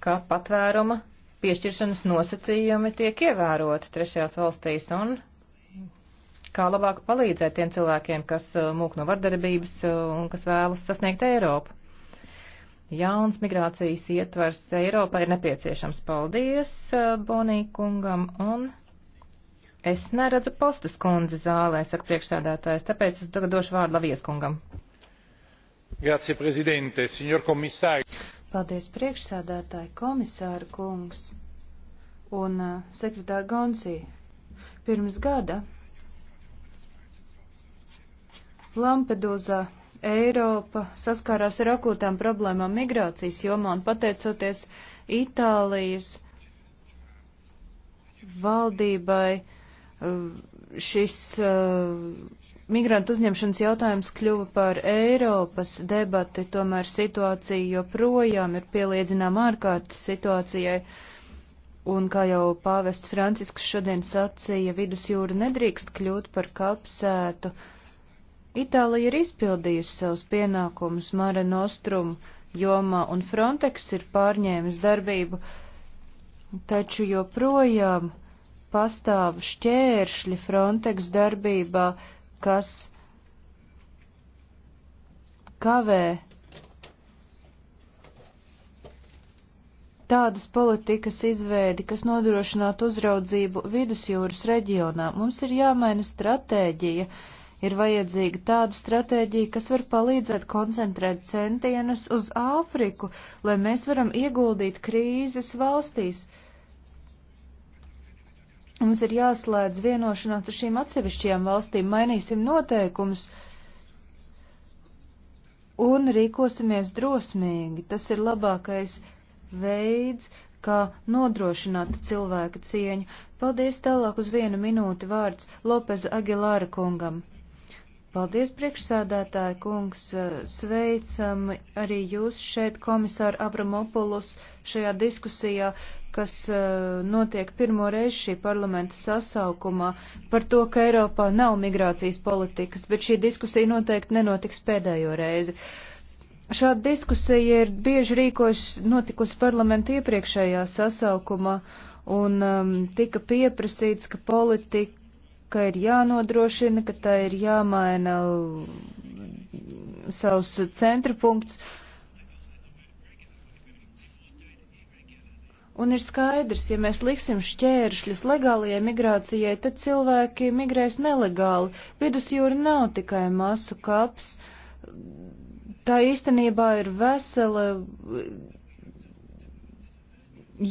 ka patvēruma piešķiršanas nosacījumi tiek ievēroti trešajās valstīs un kā labāk palīdzēt tiem cilvēkiem, kas uh, mūk no vardarbības uh, un kas vēlas sasniegt Eiropu. Jauns migrācijas ietvars Eiropā ir nepieciešams. Paldies uh, Bonīkungam un. Es neredzu postas kundzi zālē, saka priekšsēdētājs, tāpēc es tagad došu vārdu Lavieskungam. Grazie, prezidente, signor komisāri. Paldies, priekšsādātāji, komisāra kungs un uh, sekretāra Gonsī. Pirms gada Lampedūzā Eiropa saskārās ar akūtām problēmām migrācijas jomā un pateicoties Itālijas valdībai uh, šis uh, migrantu uzņemšanas jautājums kļuva par Eiropas debati, tomēr situācija joprojām ir pielīdzinām ārkārtas situācijai. Un kā jau pāvests Francisks šodien sacīja, vidusjūra nedrīkst kļūt par kapsētu. Itālija ir izpildījusi savus pienākumus Mare Nostrum jomā, un Frontex ir pārņēmis darbību, taču joprojām pastāv šķēršļi Frontex darbībā, uh, kas kavē tādas politikas izveidi, kas nodrošinātu uzraudzību vidusjūras reģionā. Mums ir jāmaina stratēģija. Ir vajadzīga tāda stratēģija, kas var palīdzēt koncentrēt centienus uz Āfriku, lai mēs varam ieguldīt krīzes valstīs. Mums ir jāslēdz vienošanās ar šīm atsevišķajām valstīm, mainīsim noteikumus un rīkosimies drosmīgi. Tas ir labākais veids, kā nodrošināt cilvēka cieņu. Paldies tālāk uz vienu minūti vārds Lopeza Agilāra kungam. Paldies, priekšsādātāja kungs, sveicam arī jūs šeit, komisāra Abramopulus, šajā diskusijā kas eh, notiek pirmo reizi šī parlamenta sasaukumā, par to, ka Eiropā nav migrācijas politikas, bet šī diskusija noteikti nenotiks pēdējo reizi. Šāda diskusija ir bieži rīkoši notikusi parlamenta iepriekšējā sasaukumā, un um, tika pieprasīts, ka politika ir jānodrošina, ka tā ir jāmaina savs centra punkts. Uh, Un ir skaidrs, ja mēs liksim šķēršļus legālajai migrācijai, tad cilvēki migrēs nelegāli. Vidusjūra nav tikai masu kaps. Tā īstenībā ir vesela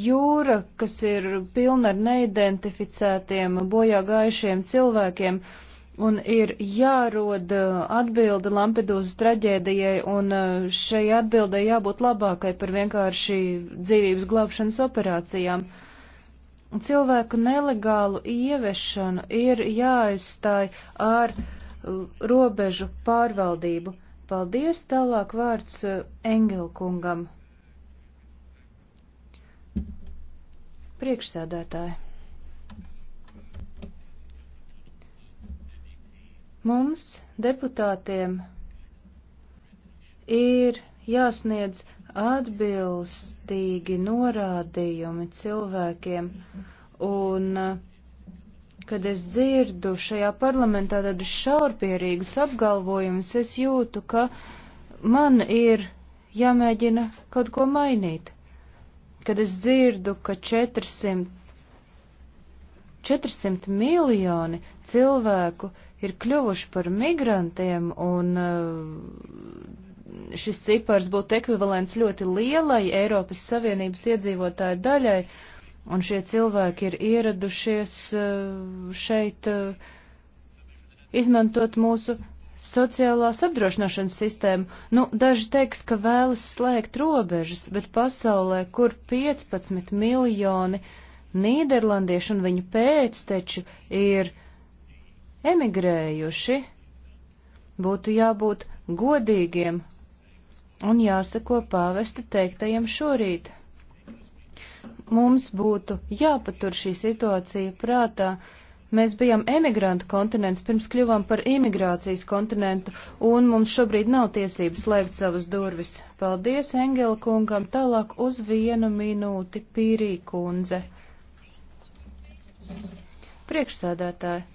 jūra, kas ir pilna ar neidentificētiem bojā gājušiem cilvēkiem. Uh, un ir jārod uh, atbilde Lampedūzas traģēdijai, un uh, šai atbildē jābūt labākai par vienkārši dzīvības glābšanas operācijām. Cilvēku nelegālu ievešanu ir jāaizstāj ar uh, robežu pārvaldību. Paldies, tālāk vārds Engelkungam. Priekšsēdētāji. Mums, deputātiem, ir jāsniedz atbilstīgi norādījumi cilvēkiem, un eh, kad es dzirdu šajā parlamentā tādus šaurpierīgus apgalvojumus, es jūtu, ka man ir jāmēģina kaut ko mainīt. Kad es dzirdu, ka 400, 400 miljoni cilvēku ir kļuvuši par migrantiem, un eh, šis cipars būtu ekvivalents ļoti lielai Eiropas Savienības iedzīvotāju daļai, un šie cilvēki ir ieradušies eh, šeit eh, izmantot mūsu sociālās apdrošināšanas sistēmu. Nu, daži teiks, ka vēlas slēgt robežas, bet pasaulē, kur 15 miljoni nīderlandiešu un viņu pēcteču ir emigrējuši, būtu jābūt godīgiem un jāsako pāvesta teiktajiem šorīt. Mums būtu jāpatur šī situācija prātā. Mēs bijām emigrantu kontinents, pirms kļuvām par imigrācijas kontinentu, un mums šobrīd nav tiesības slēgt savas durvis. Paldies Engela kungam, tālāk uz vienu minūti Pīrī kundze. Priekšsēdētāji.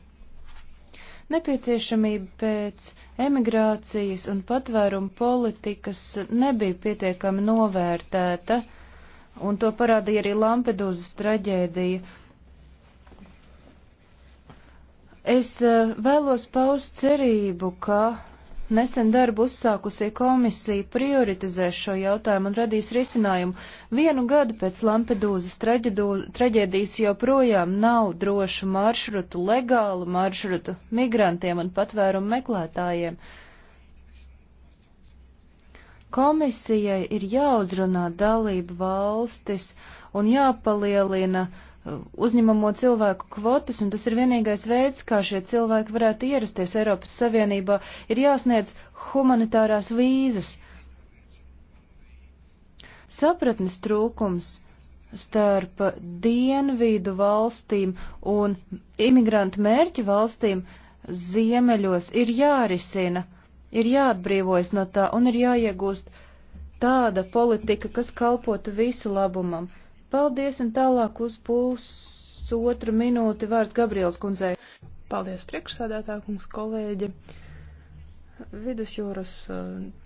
Nepieciešamība pēc emigrācijas un patvērumu politikas nebija pietiekami novērtēta, un to parādīja arī Lampedūzas traģēdija. Es eh, vēlos paust cerību, ka Nesen darbu uzsākusī komisija prioritizēs šo jautājumu un radīs risinājumu. Vienu gadu pēc Lampedūzas traģēdijas joprojām nav drošu maršrutu, legālu maršrutu migrantiem un patvērumu meklētājiem. Komisijai ir jāuzrunā dalību valstis un jāpalielina uh, uzņemamo cilvēku kvotas, un tas ir vienīgais veids, kā šie cilvēki varētu ierasties Eiropas Savienībā, ir jāsniedz humanitārās vīzas. Sapratnes trūkums starp dienvīdu valstīm un imigrantu mērķu valstīm ziemeļos ir jārisina, ir jāatbrīvojas no tā un ir jāiegūst tāda politika, kas kalpotu visu labumam. Paldies, un tālāk uz pusotru minūti vārds Gabriels kundzei. Paldies, priekšsādātā kungs, kolēģi. Vidusjūras uh,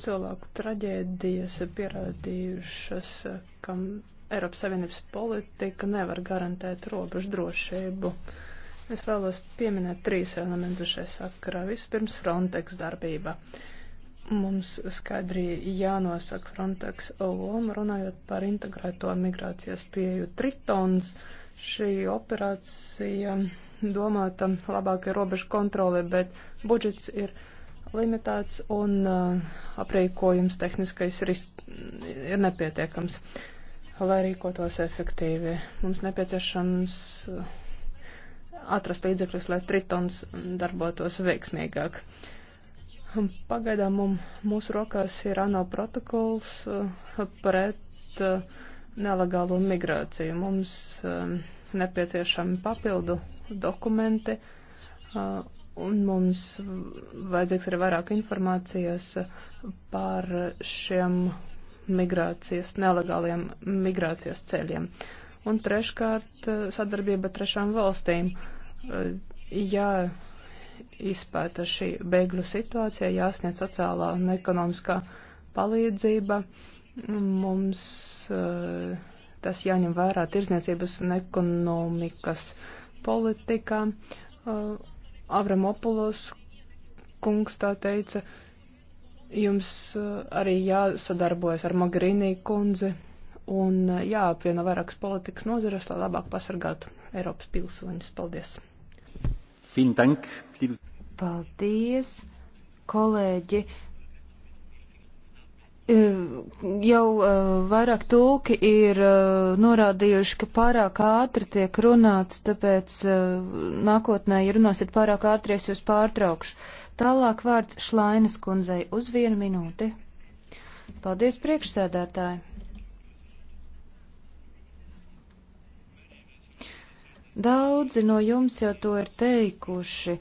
cilvēku traģēdijas pierādījušas, uh, ka Eiropas Savienības politika nevar garantēt robežu drošību. Es vēlos pieminēt trīs elementus šai sakarā. Vispirms Frontex darbība. Uh, Mums skaidri jānosaka Frontex loma, runājot par integrēto migrācijas pieju Tritons. Šī operācija domāta labākai robežu kontroli, bet budžets ir limitēts un uh, aprīkojums tehniskais ir, ir nepietiekams, lai rīkotos efektīvi. Mums nepieciešams uh, atrast līdzekļus, lai Tritons darbotos veiksmīgāk. Uh, Pagaidām mūsu rokās ir ANO protokols eh, pret eh, nelegālo migrāciju. Mums eh, nepieciešami papildu dokumenti un mums vajadzīgs arī vairāk informācijas par šiem migrācijas, nelegāliem migrācijas ceļiem. Un treškārt sadarbība trešām valstīm. Jā, jāizpēta šī bēgļu situācija, jāsniedz sociālā un ekonomiskā palīdzība. Mums eh, tas jāņem vērā tirzniecības un ekonomikas politikā. Eh, Avramopulos kungs tā teica, jums eh, arī jāsadarbojas ar Magrīnī kundzi un jāapvieno vairākas politikas nozares, lai labāk pasargātu Eiropas pilsoņus. Paldies! Paldies, kolēģi! E, jau e, vairāk tulki ir e, norādījuši, ka pārāk ātri tiek runāts, tāpēc nākotnē, ja runāsiet pārāk ātri, es jūs pārtraukšu. Tālāk vārds Šlainas kundzei uz vienu minūti. Paldies, priekšsēdētāji! Daudzi no jums jau to ir teikuši.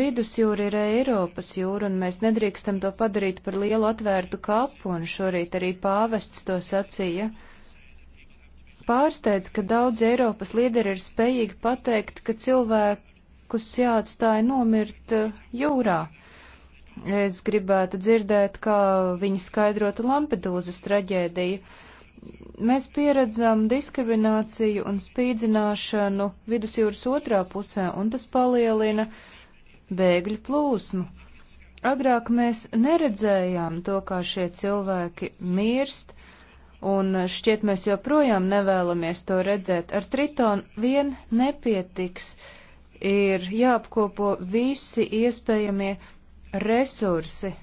Vidusjūra ir Eiropas jūra, un mēs nedrīkstam to padarīt par lielu atvērtu kapu, un šorīt arī pāvests to sacīja. Pārsteidz, ka daudzi Eiropas līderi ir spējīgi pateikt, ka cilvēkus jāatstāja nomirt eh, jūrā. Es gribētu dzirdēt, kā viņi skaidrotu Lampedūzas traģēdiju mēs pieredzam diskrimināciju un spīdzināšanu vidusjūras otrā pusē, un tas palielina bēgļu plūsmu. Agrāk mēs neredzējām to, kā šie cilvēki mirst, un šķiet mēs joprojām nevēlamies to redzēt. Ar tritonu vien nepietiks, ir jāapkopo visi iespējamie resursi,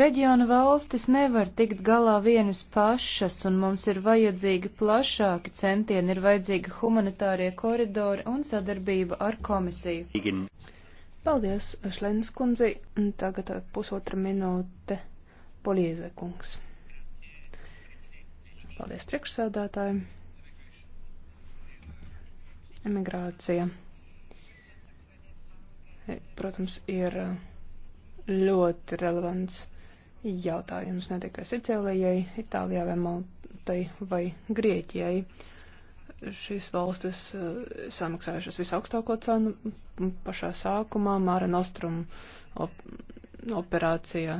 Reģiona valstis nevar tikt galā vienas pašas, un mums ir vajadzīgi plašāki centieni, ir vajadzīgi humanitārie koridori un sadarbība ar komisiju. Igen. Paldies, Šlēnas kundzi, un tagad pusotra minūte Polieze kungs. Paldies priekšsēdētājiem. Emigrācija, eh, protams, ir eh, ļoti relevants jautājums ne tikai Sicēlijai, Itālijā vai Maltai vai Grieķijai. Šīs valstis eh, samaksājušas visaugstāko cenu pašā sākumā. Māra Nostrum op operācija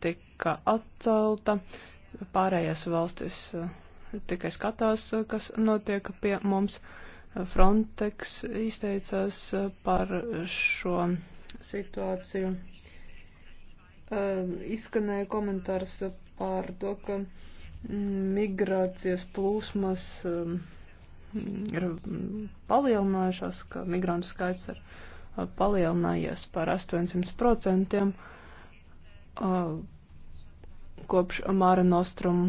tika atcelta, pārējās valstis eh, tikai skatās, eh, kas notiek pie mums. Frontex izteicās par šo situāciju. Ehm, izskanēja komentārs par to, ka mm, migrācijas plūsmas ehm, ir mm, palielinājušās, ka migrantu skaits ir e, palielinājies par 800% kopš Māra Nostrum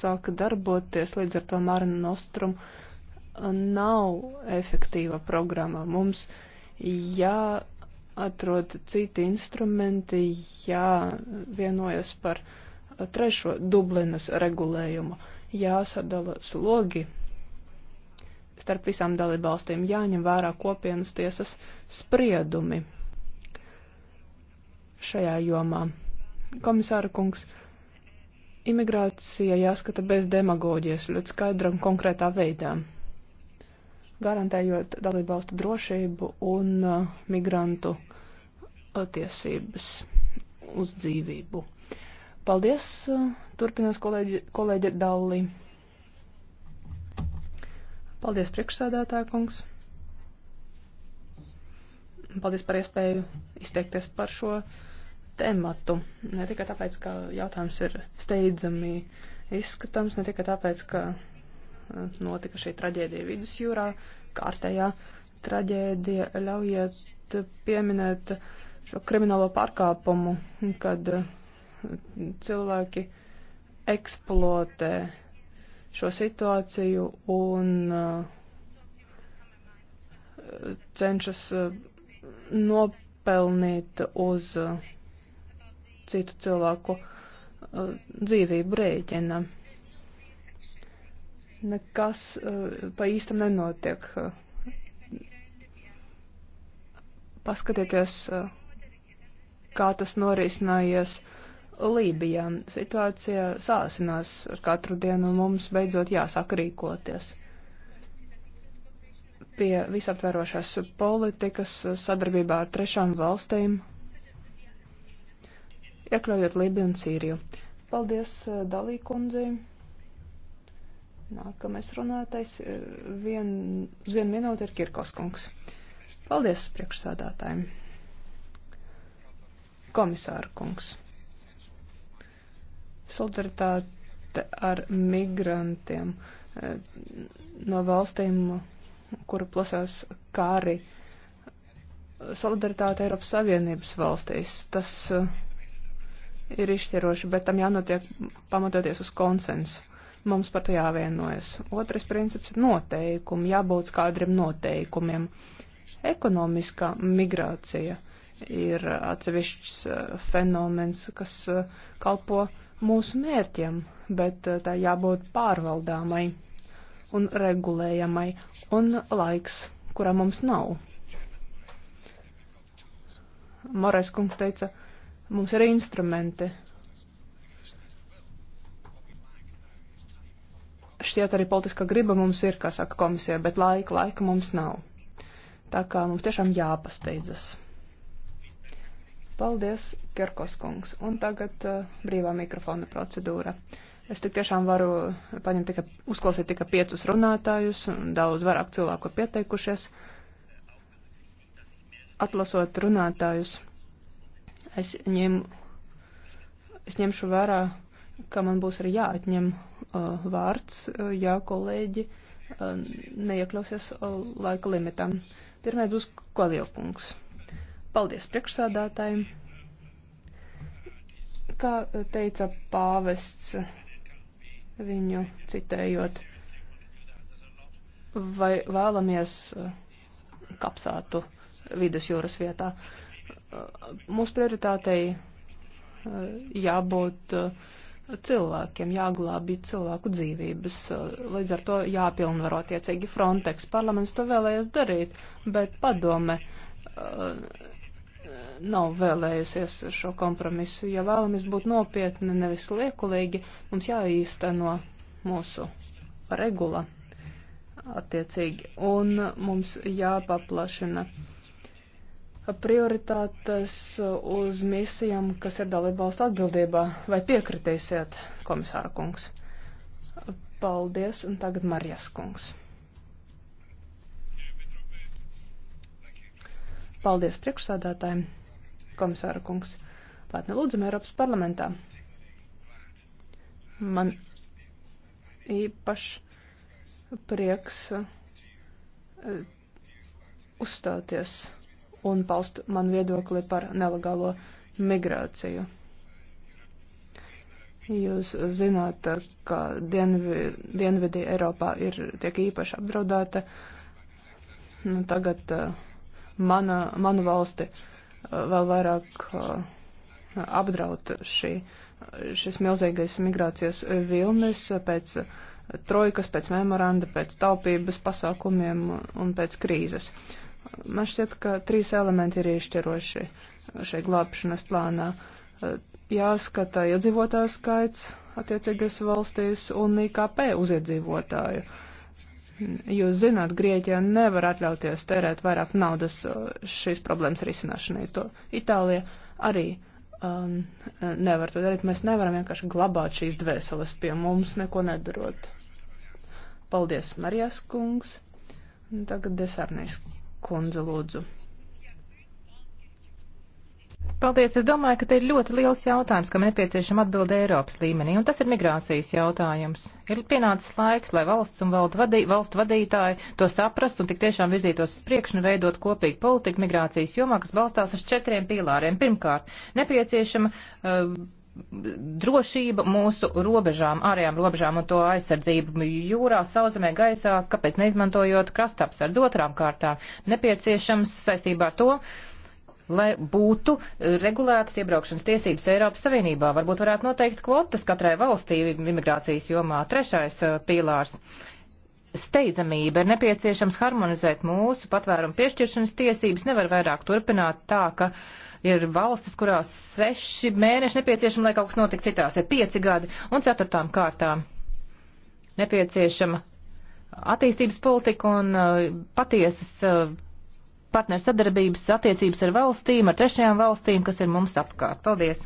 sāka darboties, līdz ar to Māra Nostrum nav efektīva programma. Mums jā. Ja jāatrod citi instrumenti, jāvienojas par trešo Dublinas regulējumu, jāsadala slogi starp visām dalībvalstīm, jāņem vērā kopienas tiesas spriedumi šajā jomā. Komisāra kungs, imigrācija jāskata bez demagoģijas, ļoti skaidra un konkrētā veidā, garantējot dalībvalstu drošību un uh, migrantu tiesības uz dzīvību. Paldies, turpinās kolēģi, kolēģi Dalli. Paldies, priekšsēdētāja kungs. Paldies par iespēju izteikties par šo tematu. Ne tikai tāpēc, ka jautājums ir steidzami izskatams, ne tikai tāpēc, ka eh, notika šī traģēdija vidusjūrā, kārtējā traģēdija ļaujiet pieminēt uh, šo kriminālo pārkāpumu, kad eh, cilvēki eksploatē šo situāciju un eh, cenšas eh, nopelnīt uz citu cilvēku dzīvību rēķina. Nekas pa īstam nenotiek. Paskatieties uh, kā tas norisinājies Lībijā. Situācija sāsinās ar katru dienu, un mums beidzot jāsāk rīkoties. Pie visaptverošās politikas sadarbībā ar trešām valstīm, iekļaujot Lībiju un Sīriju. Paldies eh, Dalī kundzei. Nākamais runātais eh, vien, uz vienu minūti ir Kirkos kungs. Paldies priekšsādātājiem. Komisāra kungs. Solidaritāte ar migrantiem eh, no valstīm, kura plasās kāri. Solidaritāte Eiropas Savienības valstīs. Tas eh, ir izšķiroši, bet tam jānotiek pamatoties uz konsensu mums par to jāvienojas. Otrais princips ir noteikumi, jābūt kādiem noteikumiem. Ekonomiskā migrācija ir atsevišķs eh, fenomens, kas eh, kalpo mūsu mērķiem, bet eh, tā jābūt pārvaldāmai un regulējamai, un laiks, kurā mums nav. Morais kungs teica, mums ir instrumenti. Šķiet arī politiskā griba mums ir, kā saka komisija, bet laika, laika mums nav. Tā kā mums tiešām jāpasteidzas. Paldies, Kirkos kungs. Un tagad uh, brīvā mikrofona procedūra. Es tik tiešām varu paņemt tikai, uzklausīt tikai piecus runātājus, un daudz vairāk cilvēku pieteikušies. Atlasot runātājus, es, ņem, es ņemšu vērā, ka man būs arī jāatņem uh, vārds, uh, eh, jā, kolēģi uh, neiekļausies uh, laika limitam. Pirmais būs Koljokungs. kungs. Paldies priekšsādātājiem. Kā teica pāvests, viņu citējot, vai vēlamies uh, kapsētu vidusjūras vietā. Uh, mūsu prioritātei uh, jābūt cilvēkiem, jāglābj cilvēku dzīvības. Līdz ar to jāpilnvaro tiecīgi Frontex. Parlaments to vēlējas darīt, bet padome nav vēlējusies šo kompromisu. Ja vēlamies būt nopietni, nevis liekulīgi, mums jāīsteno mūsu regula attiecīgi, un mums jāpaplašina prioritātes uz misijām, kas ir dalībvalstu atbildībā. Vai piekritīsiet, komisāra kungs? Paldies, un tagad Marijas kungs. Paldies priekšsādātājiem! komisāra kungs. Lētni nu, lūdzam Eiropas parlamentā. Man īpaši prieks eh, uzstāties un paust man viedokli par nelegālo migrāciju. Jūs zināt, ka dienvi, dienvidī Eiropā ir tiek īpaši apdraudēta. Nu, tagad uh, mana, manu valsti uh, vēl vairāk uh, apdraud šī, šis milzīgais migrācijas vilnis pēc trojkas, pēc memoranda, pēc taupības pasākumiem un pēc krīzes. Man šķiet, ka trīs elementi ir izšķiroši šai glābšanas plānā. Jāskata iedzīvotāju skaits attiecīgais valstīs un IKP uz iedzīvotāju. Uh, Jūs zināt, Grieķija nevar atļauties tērēt vairāk naudas uh, šīs problēmas risināšanai. To Itālija arī um, nevar to darīt. Mēs nevaram vienkārši glabāt šīs dvēseles pie mums, neko nedarot. Paldies, Marijas kungs. Tagad desarnijas kundze lūdzu. Paldies. Es domāju, ka te ir ļoti liels jautājums, kam nepieciešama atbilde Eiropas līmenī, un tas ir migrācijas jautājums. Ir pienācis laiks, lai valsts un vadī, valstu vadītāji to saprast un tik tiešām virzītos uz priekšu un veidot kopīgu politiku migrācijas jomā, kas balstās uz četriem pīlāriem. Pirmkārt, nepieciešama. Uh, drošība mūsu robežām, ārējām robežām un to aizsardzību jūrā, sauzemē, gaisā, kāpēc neizmantojot krastapsardz otrām kārtām, nepieciešams saistībā ar to, uh, lai būtu eh, regulētas iebraukšanas tiesības Eiropas Savienībā. Varbūt varētu noteikt kvotas katrai valstī imigrācijas jomā. Trešais eh, pīlārs. Steidzamība ir nepieciešams harmonizēt mūsu patvērumu piešķiršanas tiesības. Nevar vairāk turpināt tā, ka ir valstis, kurās seši mēneši nepieciešami, lai kaut kas notiktu, citās ir pieci gadi, un ceturtām kārtām nepieciešama attīstības politika un uh, patiesas uh, partneru sadarbības attiecības ar valstīm, ar trešajām valstīm, kas ir mums apkārt. Paldies!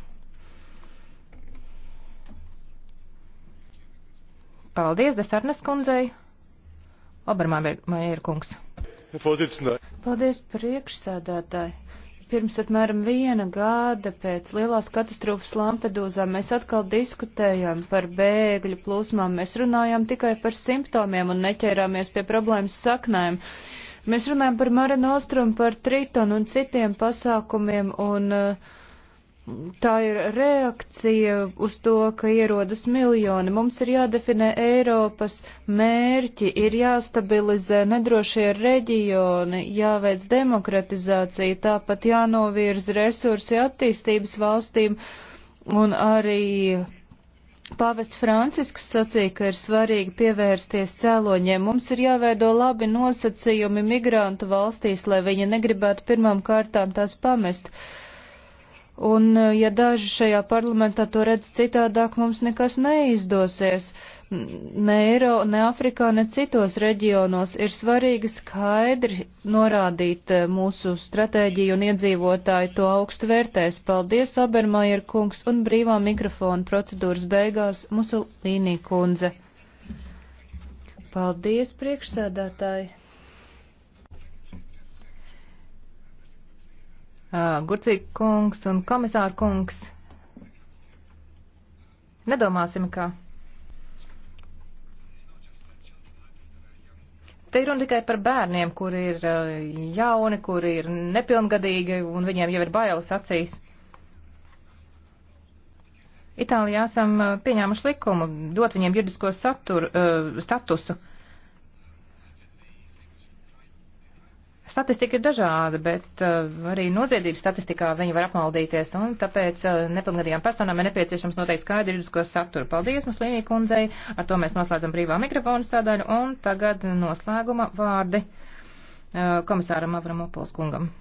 Paldies, Desarnes kundzei! Obermaier kungs. Paldies, priekšsēdētāji! Pirms apmēram viena gada pēc lielās katastrofas Lampedūzā mēs atkal diskutējām par bēgļu plūsmām. Mēs runājām tikai par simptomiem un neķērāmies pie problēmas saknēm. Uh, Mēs runājam par Mare Nostrum, par Tritonu un citiem pasākumiem, un eh, tā ir reakcija uz to, ka ierodas miljoni. Mums ir jādefinē Eiropas mērķi, ir jāstabilizē nedrošie reģioni, jāveic demokratizācija, tāpat jānovirz resursi attīstības valstīm un arī Pāvests Francisks sacīja, ka ir svarīgi pievērsties cēloņiem. Mums ir jāveido labi nosacījumi migrantu valstīs, lai viņi negribētu pirmām kārtām tās pamest. Un, ja daži šajā parlamentā to redz citādāk, mums nekas neizdosies. Uh, ne Eiro, ne Afrikā, ne citos reģionos ir svarīgi skaidri norādīt eh, mūsu stratēģiju un iedzīvotāji to augstu vērtēs. Paldies, Abermajer kungs, un brīvā mikrofona procedūras beigās Musulīnī kundze. Paldies, priekšsēdētāji! Gurcīgi kungs un komisāra kungs. Nedomāsim, ka Te ir runa tikai par bērniem, kuri ir eh, jauni, kuri ir nepilngadīgi un viņiem jau ir bailes acīs. Itālijā esam eh, pieņēmuši likumu dot viņiem juridisko saturu, eh, statusu. Uh, statistika ir dažāda, bet uh, arī noziedzības statistikā viņi var apmaldīties, un tāpēc uh, nepilngadījām personām ir nepieciešams noteikti skaidri juridisko saturu. Paldies mums Līnija kundzei, ar to mēs noslēdzam brīvā mikrofonu sādaļu, un tagad noslēguma vārdi uh, komisāram Avramopols kungam.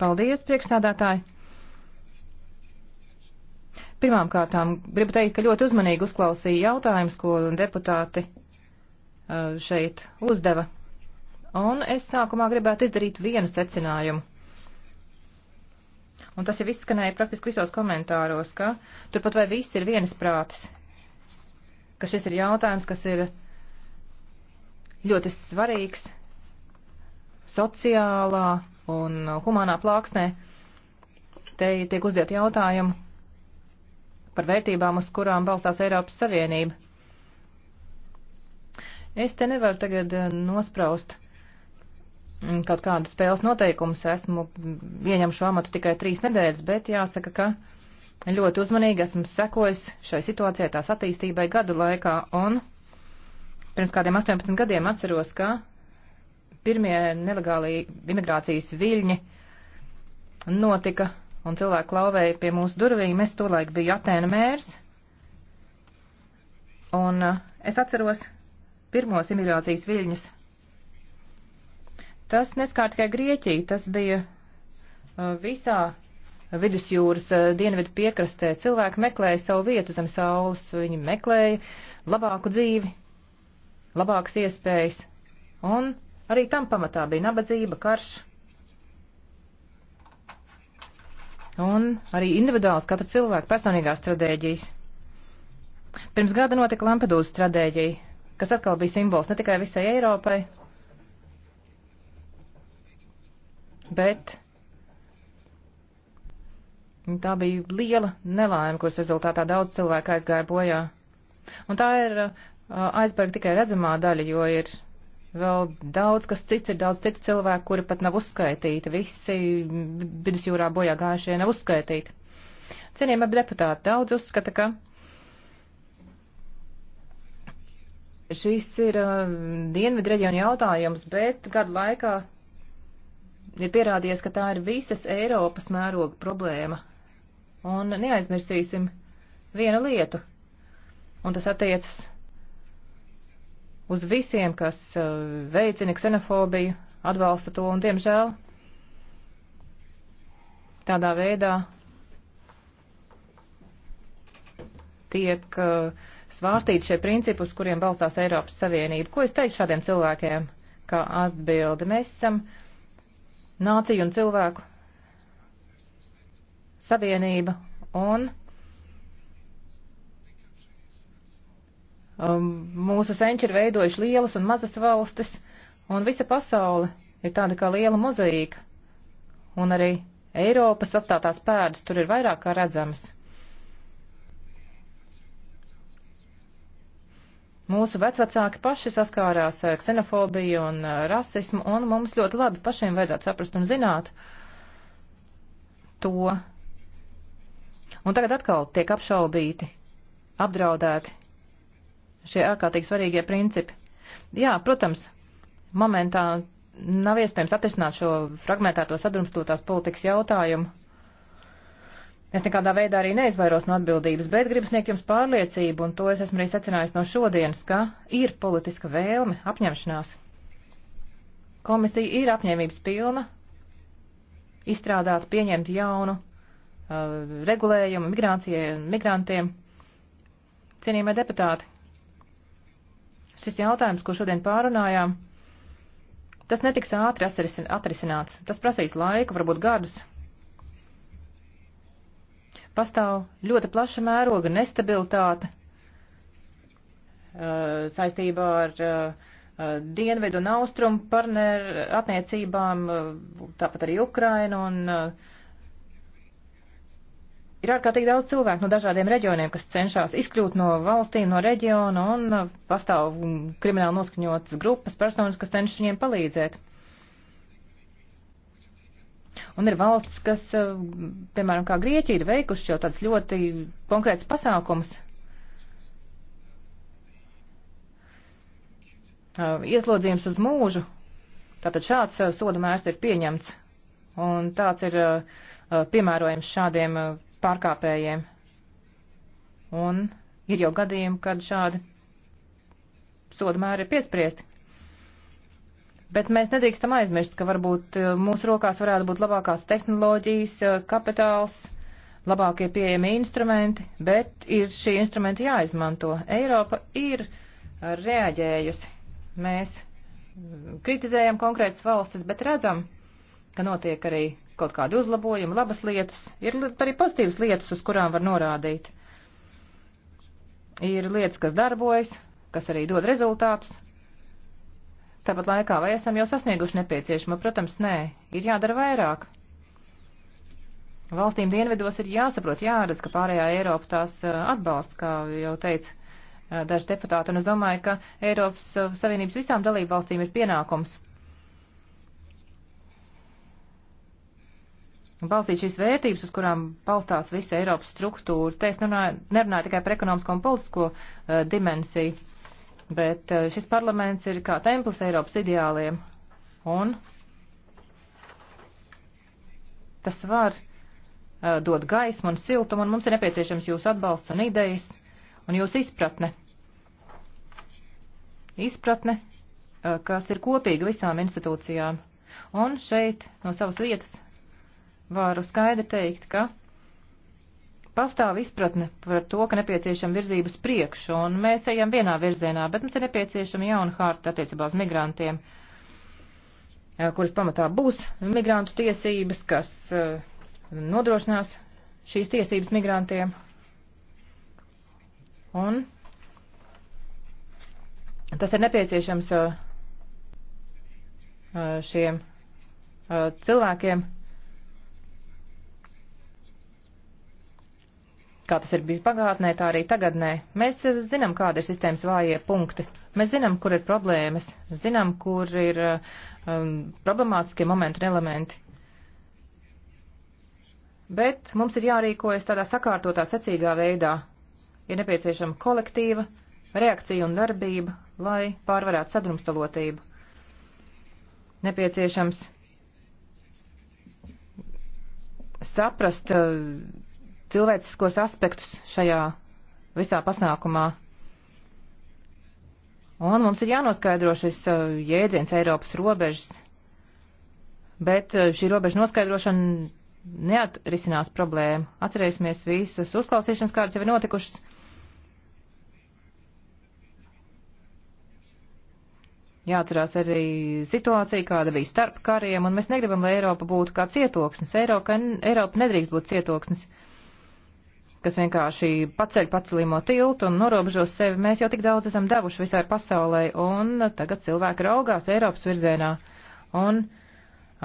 Paldies, priekšsādātāji! Pirmām kārtām gribu teikt, ka ļoti uzmanīgi uzklausīju jautājumus, ko deputāti uh, šeit uzdeva. Un es sākumā gribētu izdarīt vienu secinājumu. Un tas jau izskanēja praktiski visos komentāros, ka turpat vai viss ir vienisprātis, ka šis ir jautājums, kas ir ļoti svarīgs sociālā un uh, humānā plāksnē. Te tiek uzdot jautājumu, par vērtībām, uz kurām balstās Eiropas Savienība. Es te nevaru tagad eh, nospraust mm, kaut kādu spēles noteikumus. Esmu ieņem šo amatu tikai trīs nedēļas, bet jāsaka, ka ļoti uzmanīgi esmu sekojis šai situācijai tās attīstībai gadu laikā. Un pirms kādiem 18 gadiem atceros, ka pirmie nelegālie imigrācijas viļņi notika un cilvēki klauvēja pie mūsu durvīm. Es tolaik biju Atēna mērs, un uh, es atceros pirmos imigrācijas viļņus. Tas neskār tikai Grieķiju, tas bija uh, visā vidusjūras uh, dienvidu piekrastē. Cilvēki meklēja savu vietu zem saules, viņi meklēja labāku dzīvi, labākas iespējas, un arī tam pamatā bija nabadzība, karš un arī individuāls katra cilvēka personīgās stratēģijas. Pirms gada notika Lampedūzas stratēģija, kas atkal bija simbols ne tikai visai Eiropai, bet tā bija liela nelaime, kuras rezultātā daudz cilvēku aizgāja bojā. Un tā ir uh, aizberga tikai redzamā daļa, jo ir Vēl daudz kas cits ir daudz citu cilvēku, kuri pat nav uzskaitīti. Visi vidusjūrā bojā gājušie nav uzskaitīti. Cienījamie deputāti, daudz uzskata, ka šīs ir uh, dienvidu reģionu jautājums, bet gadu laikā ir pierādījies, ka tā ir visas Eiropas mēroga problēma. Un neaizmirsīsim vienu lietu, un tas attiecas uz visiem, kas uh, veicina ksenofobiju, atbalsta to un, diemžēl, tādā veidā tiek uh, svārstīti šie principi, uz kuriem balstās Eiropas Savienība. Ko es teiktu šādiem cilvēkiem, kā atbildi? Mēs esam nāciju un cilvēku savienība un Um, mūsu senči ir veidojuši lielas un mazas valstis, un visa pasaule ir tāda kā liela mozaīka. Un arī Eiropas atstātās pēdas tur ir vairāk kā redzamas. Mūsu vecvecāki paši saskārās ar ksenofobiju un uh, rasismu, un mums ļoti labi pašiem vajadzētu saprast un zināt to. Un tagad atkal tiek apšaubīti, apdraudēti šie ārkārtīgi svarīgie principi. Jā, protams, momentā nav iespējams atrisināt šo fragmentēto sadrumstotās politikas jautājumu. Es nekādā veidā arī neizvairos no atbildības, bet gribu sniegt jums pārliecību, un to es esmu arī secinājis no šodienas, ka ir politiska vēlme, apņemšanās. Komisija ir apņēmības pilna izstrādāt, pieņemt jaunu uh, regulējumu migrācijai un migrantiem. Cienījamie deputāti, šis jautājums, ko šodien pārunājām, tas netiks ātri atrisināts. Tas prasīs laiku, varbūt gadus. Pastāv ļoti plaša mēroga nestabilitāte uh, saistībā ar uh, uh dienvedu un austrumu partneru attiecībām, uh, tāpat arī Ukraina un uh, ir ārkārtīgi daudz cilvēku no dažādiem reģioniem, kas cenšas izkļūt no valstīm, no reģiona, un uh, pastāv um, krimināli noskaņotas grupas personas, kas cenšas viņiem palīdzēt. Un ir valsts, kas, uh, piemēram, kā Grieķija, ir veikuši jau tāds ļoti konkrēts pasākums. Uh, ieslodzījums uz mūžu. Tātad šāds soda mērs ir pieņemts. Un tāds ir piemērojams šādiem pārkāpējiem. Un ir jau gadījumi, kad šādi sodu mēri ir piespriesti. Bet mēs nedrīkstam aizmirst, ka varbūt eh, mūsu rokās varētu būt labākās tehnoloģijas, eh, kapitāls, labākie pieejami instrumenti, bet ir šie instrumenti jāizmanto. Eiropa ir reaģējusi. Mēs mm, kritizējam konkrētas valstis, bet redzam, ka notiek arī kaut kādi uzlabojumi, labas lietas, ir arī pozitīvas lietas, uz kurām var norādīt. Ir lietas, kas darbojas, kas arī dod rezultātus. Tāpat laikā, vai esam jau sasnieguši nepieciešamo? Protams, nē, ir jādara vairāk. Valstīm dienvidos ir jāsaprot, jāredz, ka pārējā Eiropa tās eh, atbalsta, kā jau teica eh, daži deputāti, un es domāju, ka Eiropas eh, Savienības visām dalību valstīm ir pienākums balstīt šīs vērtības, uz kurām balstās visa Eiropas struktūra. Te es nerunāju, nerunāju tikai par ekonomisko un politisko uh, dimensiju, bet uh, šis parlaments ir kā templis Eiropas ideāliem. Un tas var uh, dot gaismu un siltumu, un mums ir nepieciešams jūsu atbalsts un idejas un jūsu izpratne. Izpratne, uh, kas ir kopīga visām institūcijām. Un šeit no savas vietas varu skaidri teikt, ka pastāv izpratne par to, ka nepieciešama virzības priekšu, un mēs ejam vienā virzienā, bet mums ir nepieciešama jauna harta attiecībā uz migrantiem, eh, kuras pamatā būs migrantu tiesības, kas eh, nodrošinās šīs tiesības migrantiem. Un tas ir nepieciešams eh, šiem cilvēkiem, kā tas ir bijis pagātnē, tā arī tagadnē. Mēs zinām, kāda ir sistēmas vājie punkti. Mēs zinām, kur ir problēmas, zinām, kur ir um, problemātiskie momenti un elementi. Bet mums ir jārīkojas tādā sakārtotā secīgā veidā. Ir nepieciešama kolektīva reakcija un darbība, lai pārvarētu sadrumstalotību. Nepieciešams saprast. Uh, cilvēciskos aspektus šajā visā pasākumā. Un mums ir jānoskaidro šis uh, jēdziens Eiropas robežas, bet uh, šī robeža noskaidrošana neatrisinās problēmu. Atcerēsimies visas uzklausīšanas, kādas jau ir notikušas. Jāatcerās arī situācija, kāda bija starp kariem, un mēs negribam, lai Eiropa būtu kā cietoksnis. Eiropa, Eiropa nedrīkst būt cietoksnis. Uh, kas vienkārši paceļ pacelīmo tiltu un norobežo sevi. Mēs jau tik daudz esam devuši visai pasaulē, un tagad cilvēki raugās Eiropas virzienā. Un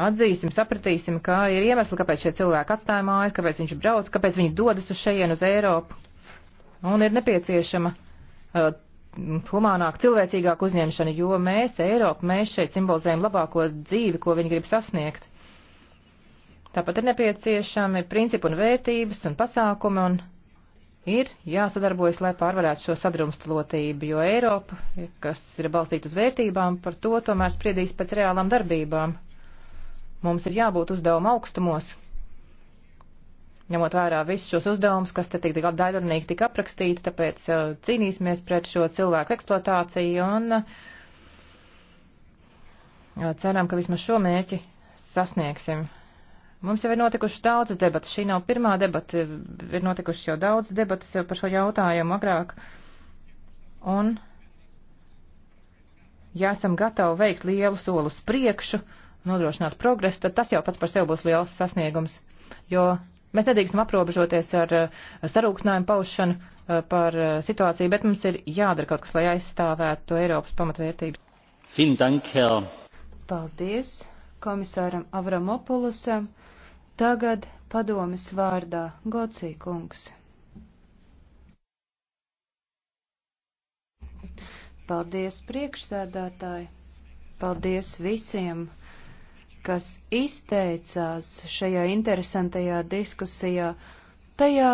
atzīsim, sapratīsim, kā ir iemesli, kāpēc šie cilvēki atstāja mājas, kāpēc viņš brauc, kāpēc viņi dodas uz šejien uz Eiropu. Un ir nepieciešama uh, humānāk, cilvēcīgāk uzņemšana, jo mēs, Eiropa, mēs šeit simbolizējam labāko dzīvi, ko viņi grib sasniegt. Tāpat ir nepieciešami principi un vērtības un pasākumi un ir jāsadarbojas, lai pārvarētu šo sadrumstalotību, jo Eiropa, kas ir balstīta uz vērtībām, par to tomēr spriedīs pēc reālām darbībām. Mums ir jābūt uzdevuma augstumos, ņemot vērā visus šos uzdevumus, kas te tik daļrunīgi tika aprakstīti, tāpēc uh, cīnīsimies pret šo cilvēku eksploatāciju un uh, ceram, ka vismaz šo mērķi sasniegsim. Mums jau ir notikušas daudzas debatas. Šī nav pirmā debata, ir notikušas jau daudzas debatas par šo jautājumu agrāk. Un, ja esam gatavi veikt lielu soli uz priekšu, nodrošināt progresu, tad tas jau pats par sevi būs liels sasniegums. Jo mēs nedrīkstam aprobežoties ar eh, sarūktinājumu paušanu eh, par eh, situāciju, bet mums ir jādara kaut kas, lai aizstāvētu to Eiropas pamatvērtību. Paldies komisāram Avramopulusam. Tagad padomis vārdā Gocī kungs. Paldies priekšsēdētāji, paldies visiem, kas izteicās šajā interesantajā diskusijā. Tajā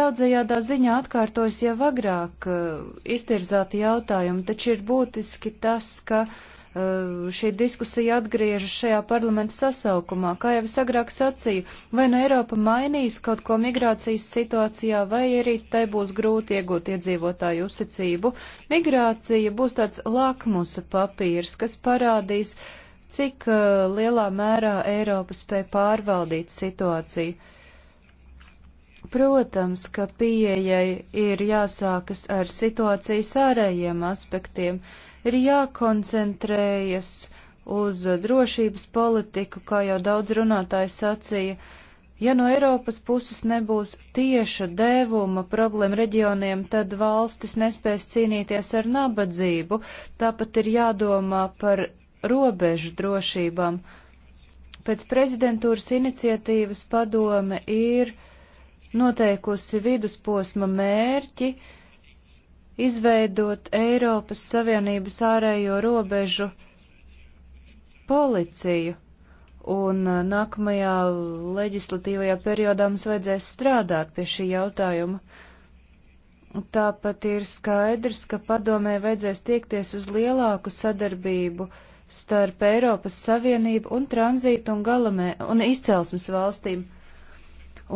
daudzajādā ziņā atkārtojas jau agrāk uh, iztirzāti jautājumi, taču ir būtiski tas, ka uh, Eh, šī diskusija atgriežas šajā parlamenta sasaukumā. Kā jau es agrāk sacīju, vai nu no Eiropa mainīs kaut ko migrācijas situācijā, vai arī tai būs grūti iegūt iedzīvotāju uzticību. Migrācija būs tāds lakmusa papīrs, kas parādīs, cik uh, lielā mērā Eiropa spēja pārvaldīt situāciju. Protams, ka pieejai ir jāsākas ar situācijas ārējiem aspektiem. Uh, ir jākoncentrējas uz drošības politiku, kā jau daudz runātāji sacīja. Ja no Eiropas puses nebūs tieša dēvuma problēma reģioniem, tad valstis nespēs cīnīties ar nabadzību, tāpat ir jādomā par robežu drošībām. Pēc prezidentūras iniciatīvas padome ir noteikusi vidusposma mērķi, uh, izveidot Eiropas Savienības ārējo robežu policiju, un uh, nākamajā leģislatīvajā periodā mums vajadzēs strādāt pie šī jautājuma. Tāpat ir skaidrs, ka padomē vajadzēs tiekties uz lielāku sadarbību starp Eiropas Savienību un tranzītu un, galamē, un izcelsmes valstīm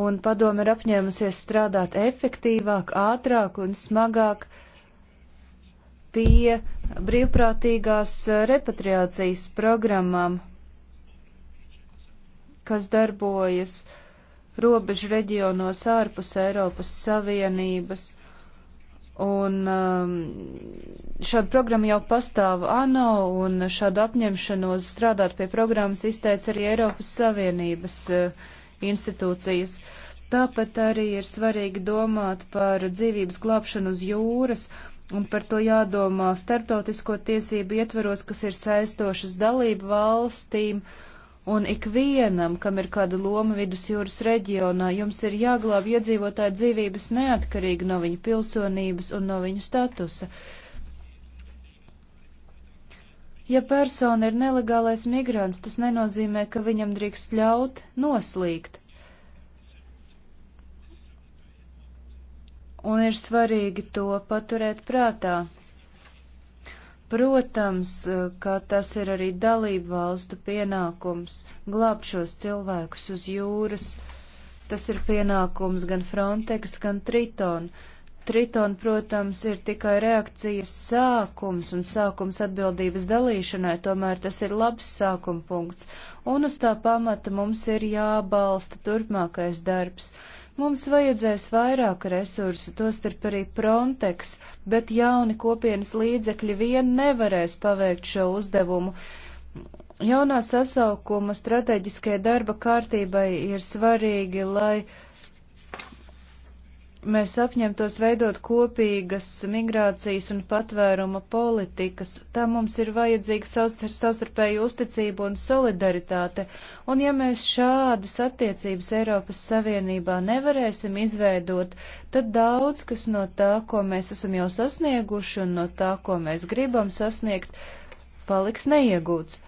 un padome ir apņēmusies strādāt efektīvāk, ātrāk un smagāk, pie brīvprātīgās eh, repatriācijas programmām, kas darbojas robežu reģionos ārpus Eiropas Savienības. Un um, šāda programma jau pastāv ANO, un šādu apņemšanos strādāt pie programmas izteica arī Eiropas Savienības uh, institūcijas. Tāpat arī ir svarīgi domāt par dzīvības glābšanu uz jūras un par to jādomā starptautisko tiesību ietveros, kas ir saistošas dalību valstīm, un ikvienam, kam ir kāda loma vidusjūras reģionā, jums ir jāglāb iedzīvotāja dzīvības neatkarīgi no viņa pilsonības un no viņa statusa. Ja persona ir nelegālais migrants, tas nenozīmē, ka viņam drīkst ļaut noslīgt. un ir svarīgi to paturēt prātā. Protams, ka tas ir arī dalību valstu pienākums glābt šos cilvēkus uz jūras. Tas ir pienākums gan Frontex, gan Triton. Triton, protams, ir tikai reakcijas sākums un sākums atbildības dalīšanai, tomēr tas ir labs sākuma punkts, un uz tā pamata mums ir jābalsta turpmākais darbs. Uh, Mums vajadzēs vairāk resursu, tostarp arī Frontex, bet jauni kopienas līdzekļi vien nevarēs paveikt šo uzdevumu. Jaunā sasaukuma strateģiskajai darba kārtībai ir svarīgi, lai mēs apņemtos veidot kopīgas migrācijas un patvēruma politikas. Tā mums ir vajadzīga savstarpēja uzticība un solidaritāte, un ja mēs šādas attiecības Eiropas Savienībā nevarēsim izveidot, tad daudz, kas no tā, ko mēs esam jau sasnieguši un no tā, ko mēs gribam sasniegt, paliks neiegūts.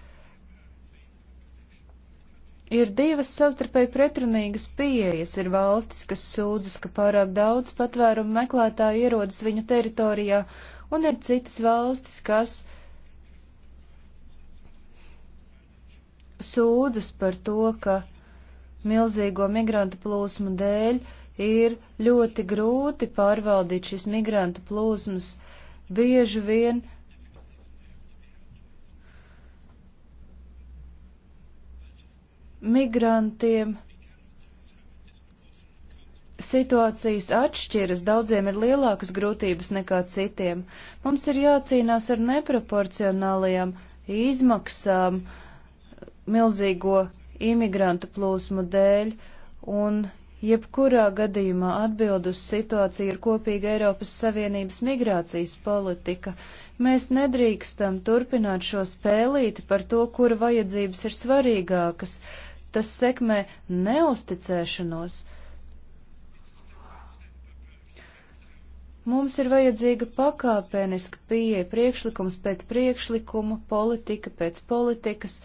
Ir divas savstarpēji pretrunīgas pieejas. Ir valstis, kas sūdzas, ka pārāk daudz patvērumu meklētāju ierodas viņu teritorijā, un ir citas valstis, kas sūdzas par to, ka milzīgo migrantu plūsmu dēļ ir ļoti grūti pārvaldīt šīs migrantu plūsmas. Bieži vien migrantiem situācijas atšķiras, daudziem ir lielākas grūtības nekā citiem. Mums ir jācīnās ar neproporcionālajām izmaksām milzīgo imigrantu plūsmu dēļ, un jebkurā gadījumā atbild uz situāciju ir kopīga Eiropas Savienības migrācijas politika. Mēs nedrīkstam turpināt šo spēlīti par to, kura vajadzības ir svarīgākas. Tas sekmē neusticēšanos. Mums ir vajadzīga pakāpeniska pieeja priekšlikums pēc priekšlikuma, politika pēc politikas.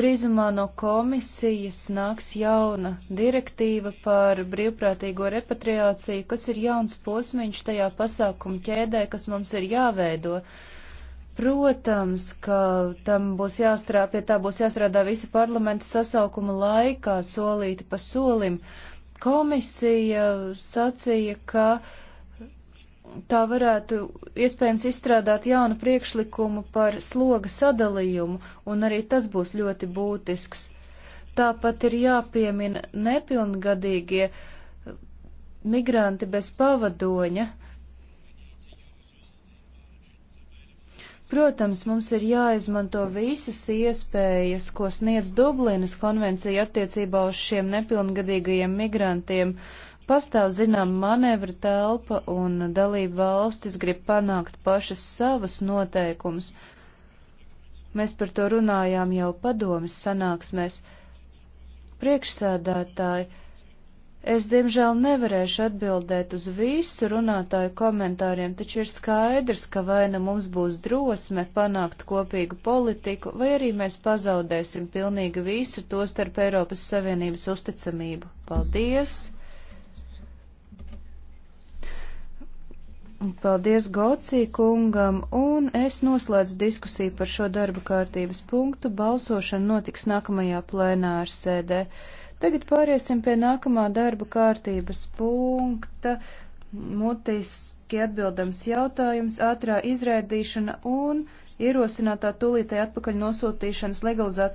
Drīzumā no komisijas nāks jauna direktīva par brīvprātīgo repatriāciju, kas ir jauns posmiņš tajā pasākumu ķēdē, kas mums ir jāveido. Uh, Protams, ka tam būs jāstrādā, pie tā būs jāstrādā visa parlamenta sasaukuma laikā, solīti pa solim. Komisija sacīja, ka tā varētu iespējams izstrādāt jaunu priekšlikumu par sloga sadalījumu, un arī tas būs ļoti būtisks. Tāpat ir jāpiemina nepilngadīgie migranti bez pavadoņa. Protams, mums ir jāizmanto visas iespējas, ko sniedz Dublinas konvencija attiecībā uz šiem nepilngadīgajiem migrantiem. Pastāv zinām manevra telpa un dalība valstis grib panākt pašas savas noteikumus. Mēs par to runājām jau padomis sanāksmēs. Priekšsēdētāji, Es, diemžēl, nevarēšu atbildēt uz visu runātāju komentāriem, taču ir skaidrs, ka vai nu mums būs drosme panākt kopīgu politiku, vai arī mēs pazaudēsim pilnīgi visu to starp Eiropas Savienības uzticamību. Paldies! Paldies Gocī kungam, un es noslēdzu diskusiju par šo darba kārtības punktu. Balsošana notiks nākamajā plēnāra sēdē. Tagad pāriesim pie nākamā darba kārtības punkta mutiski atbildams jautājums, ātrā izrēdīšana un ierosinātā tūlītēja atpakaļ nosūtīšanas legalizācija.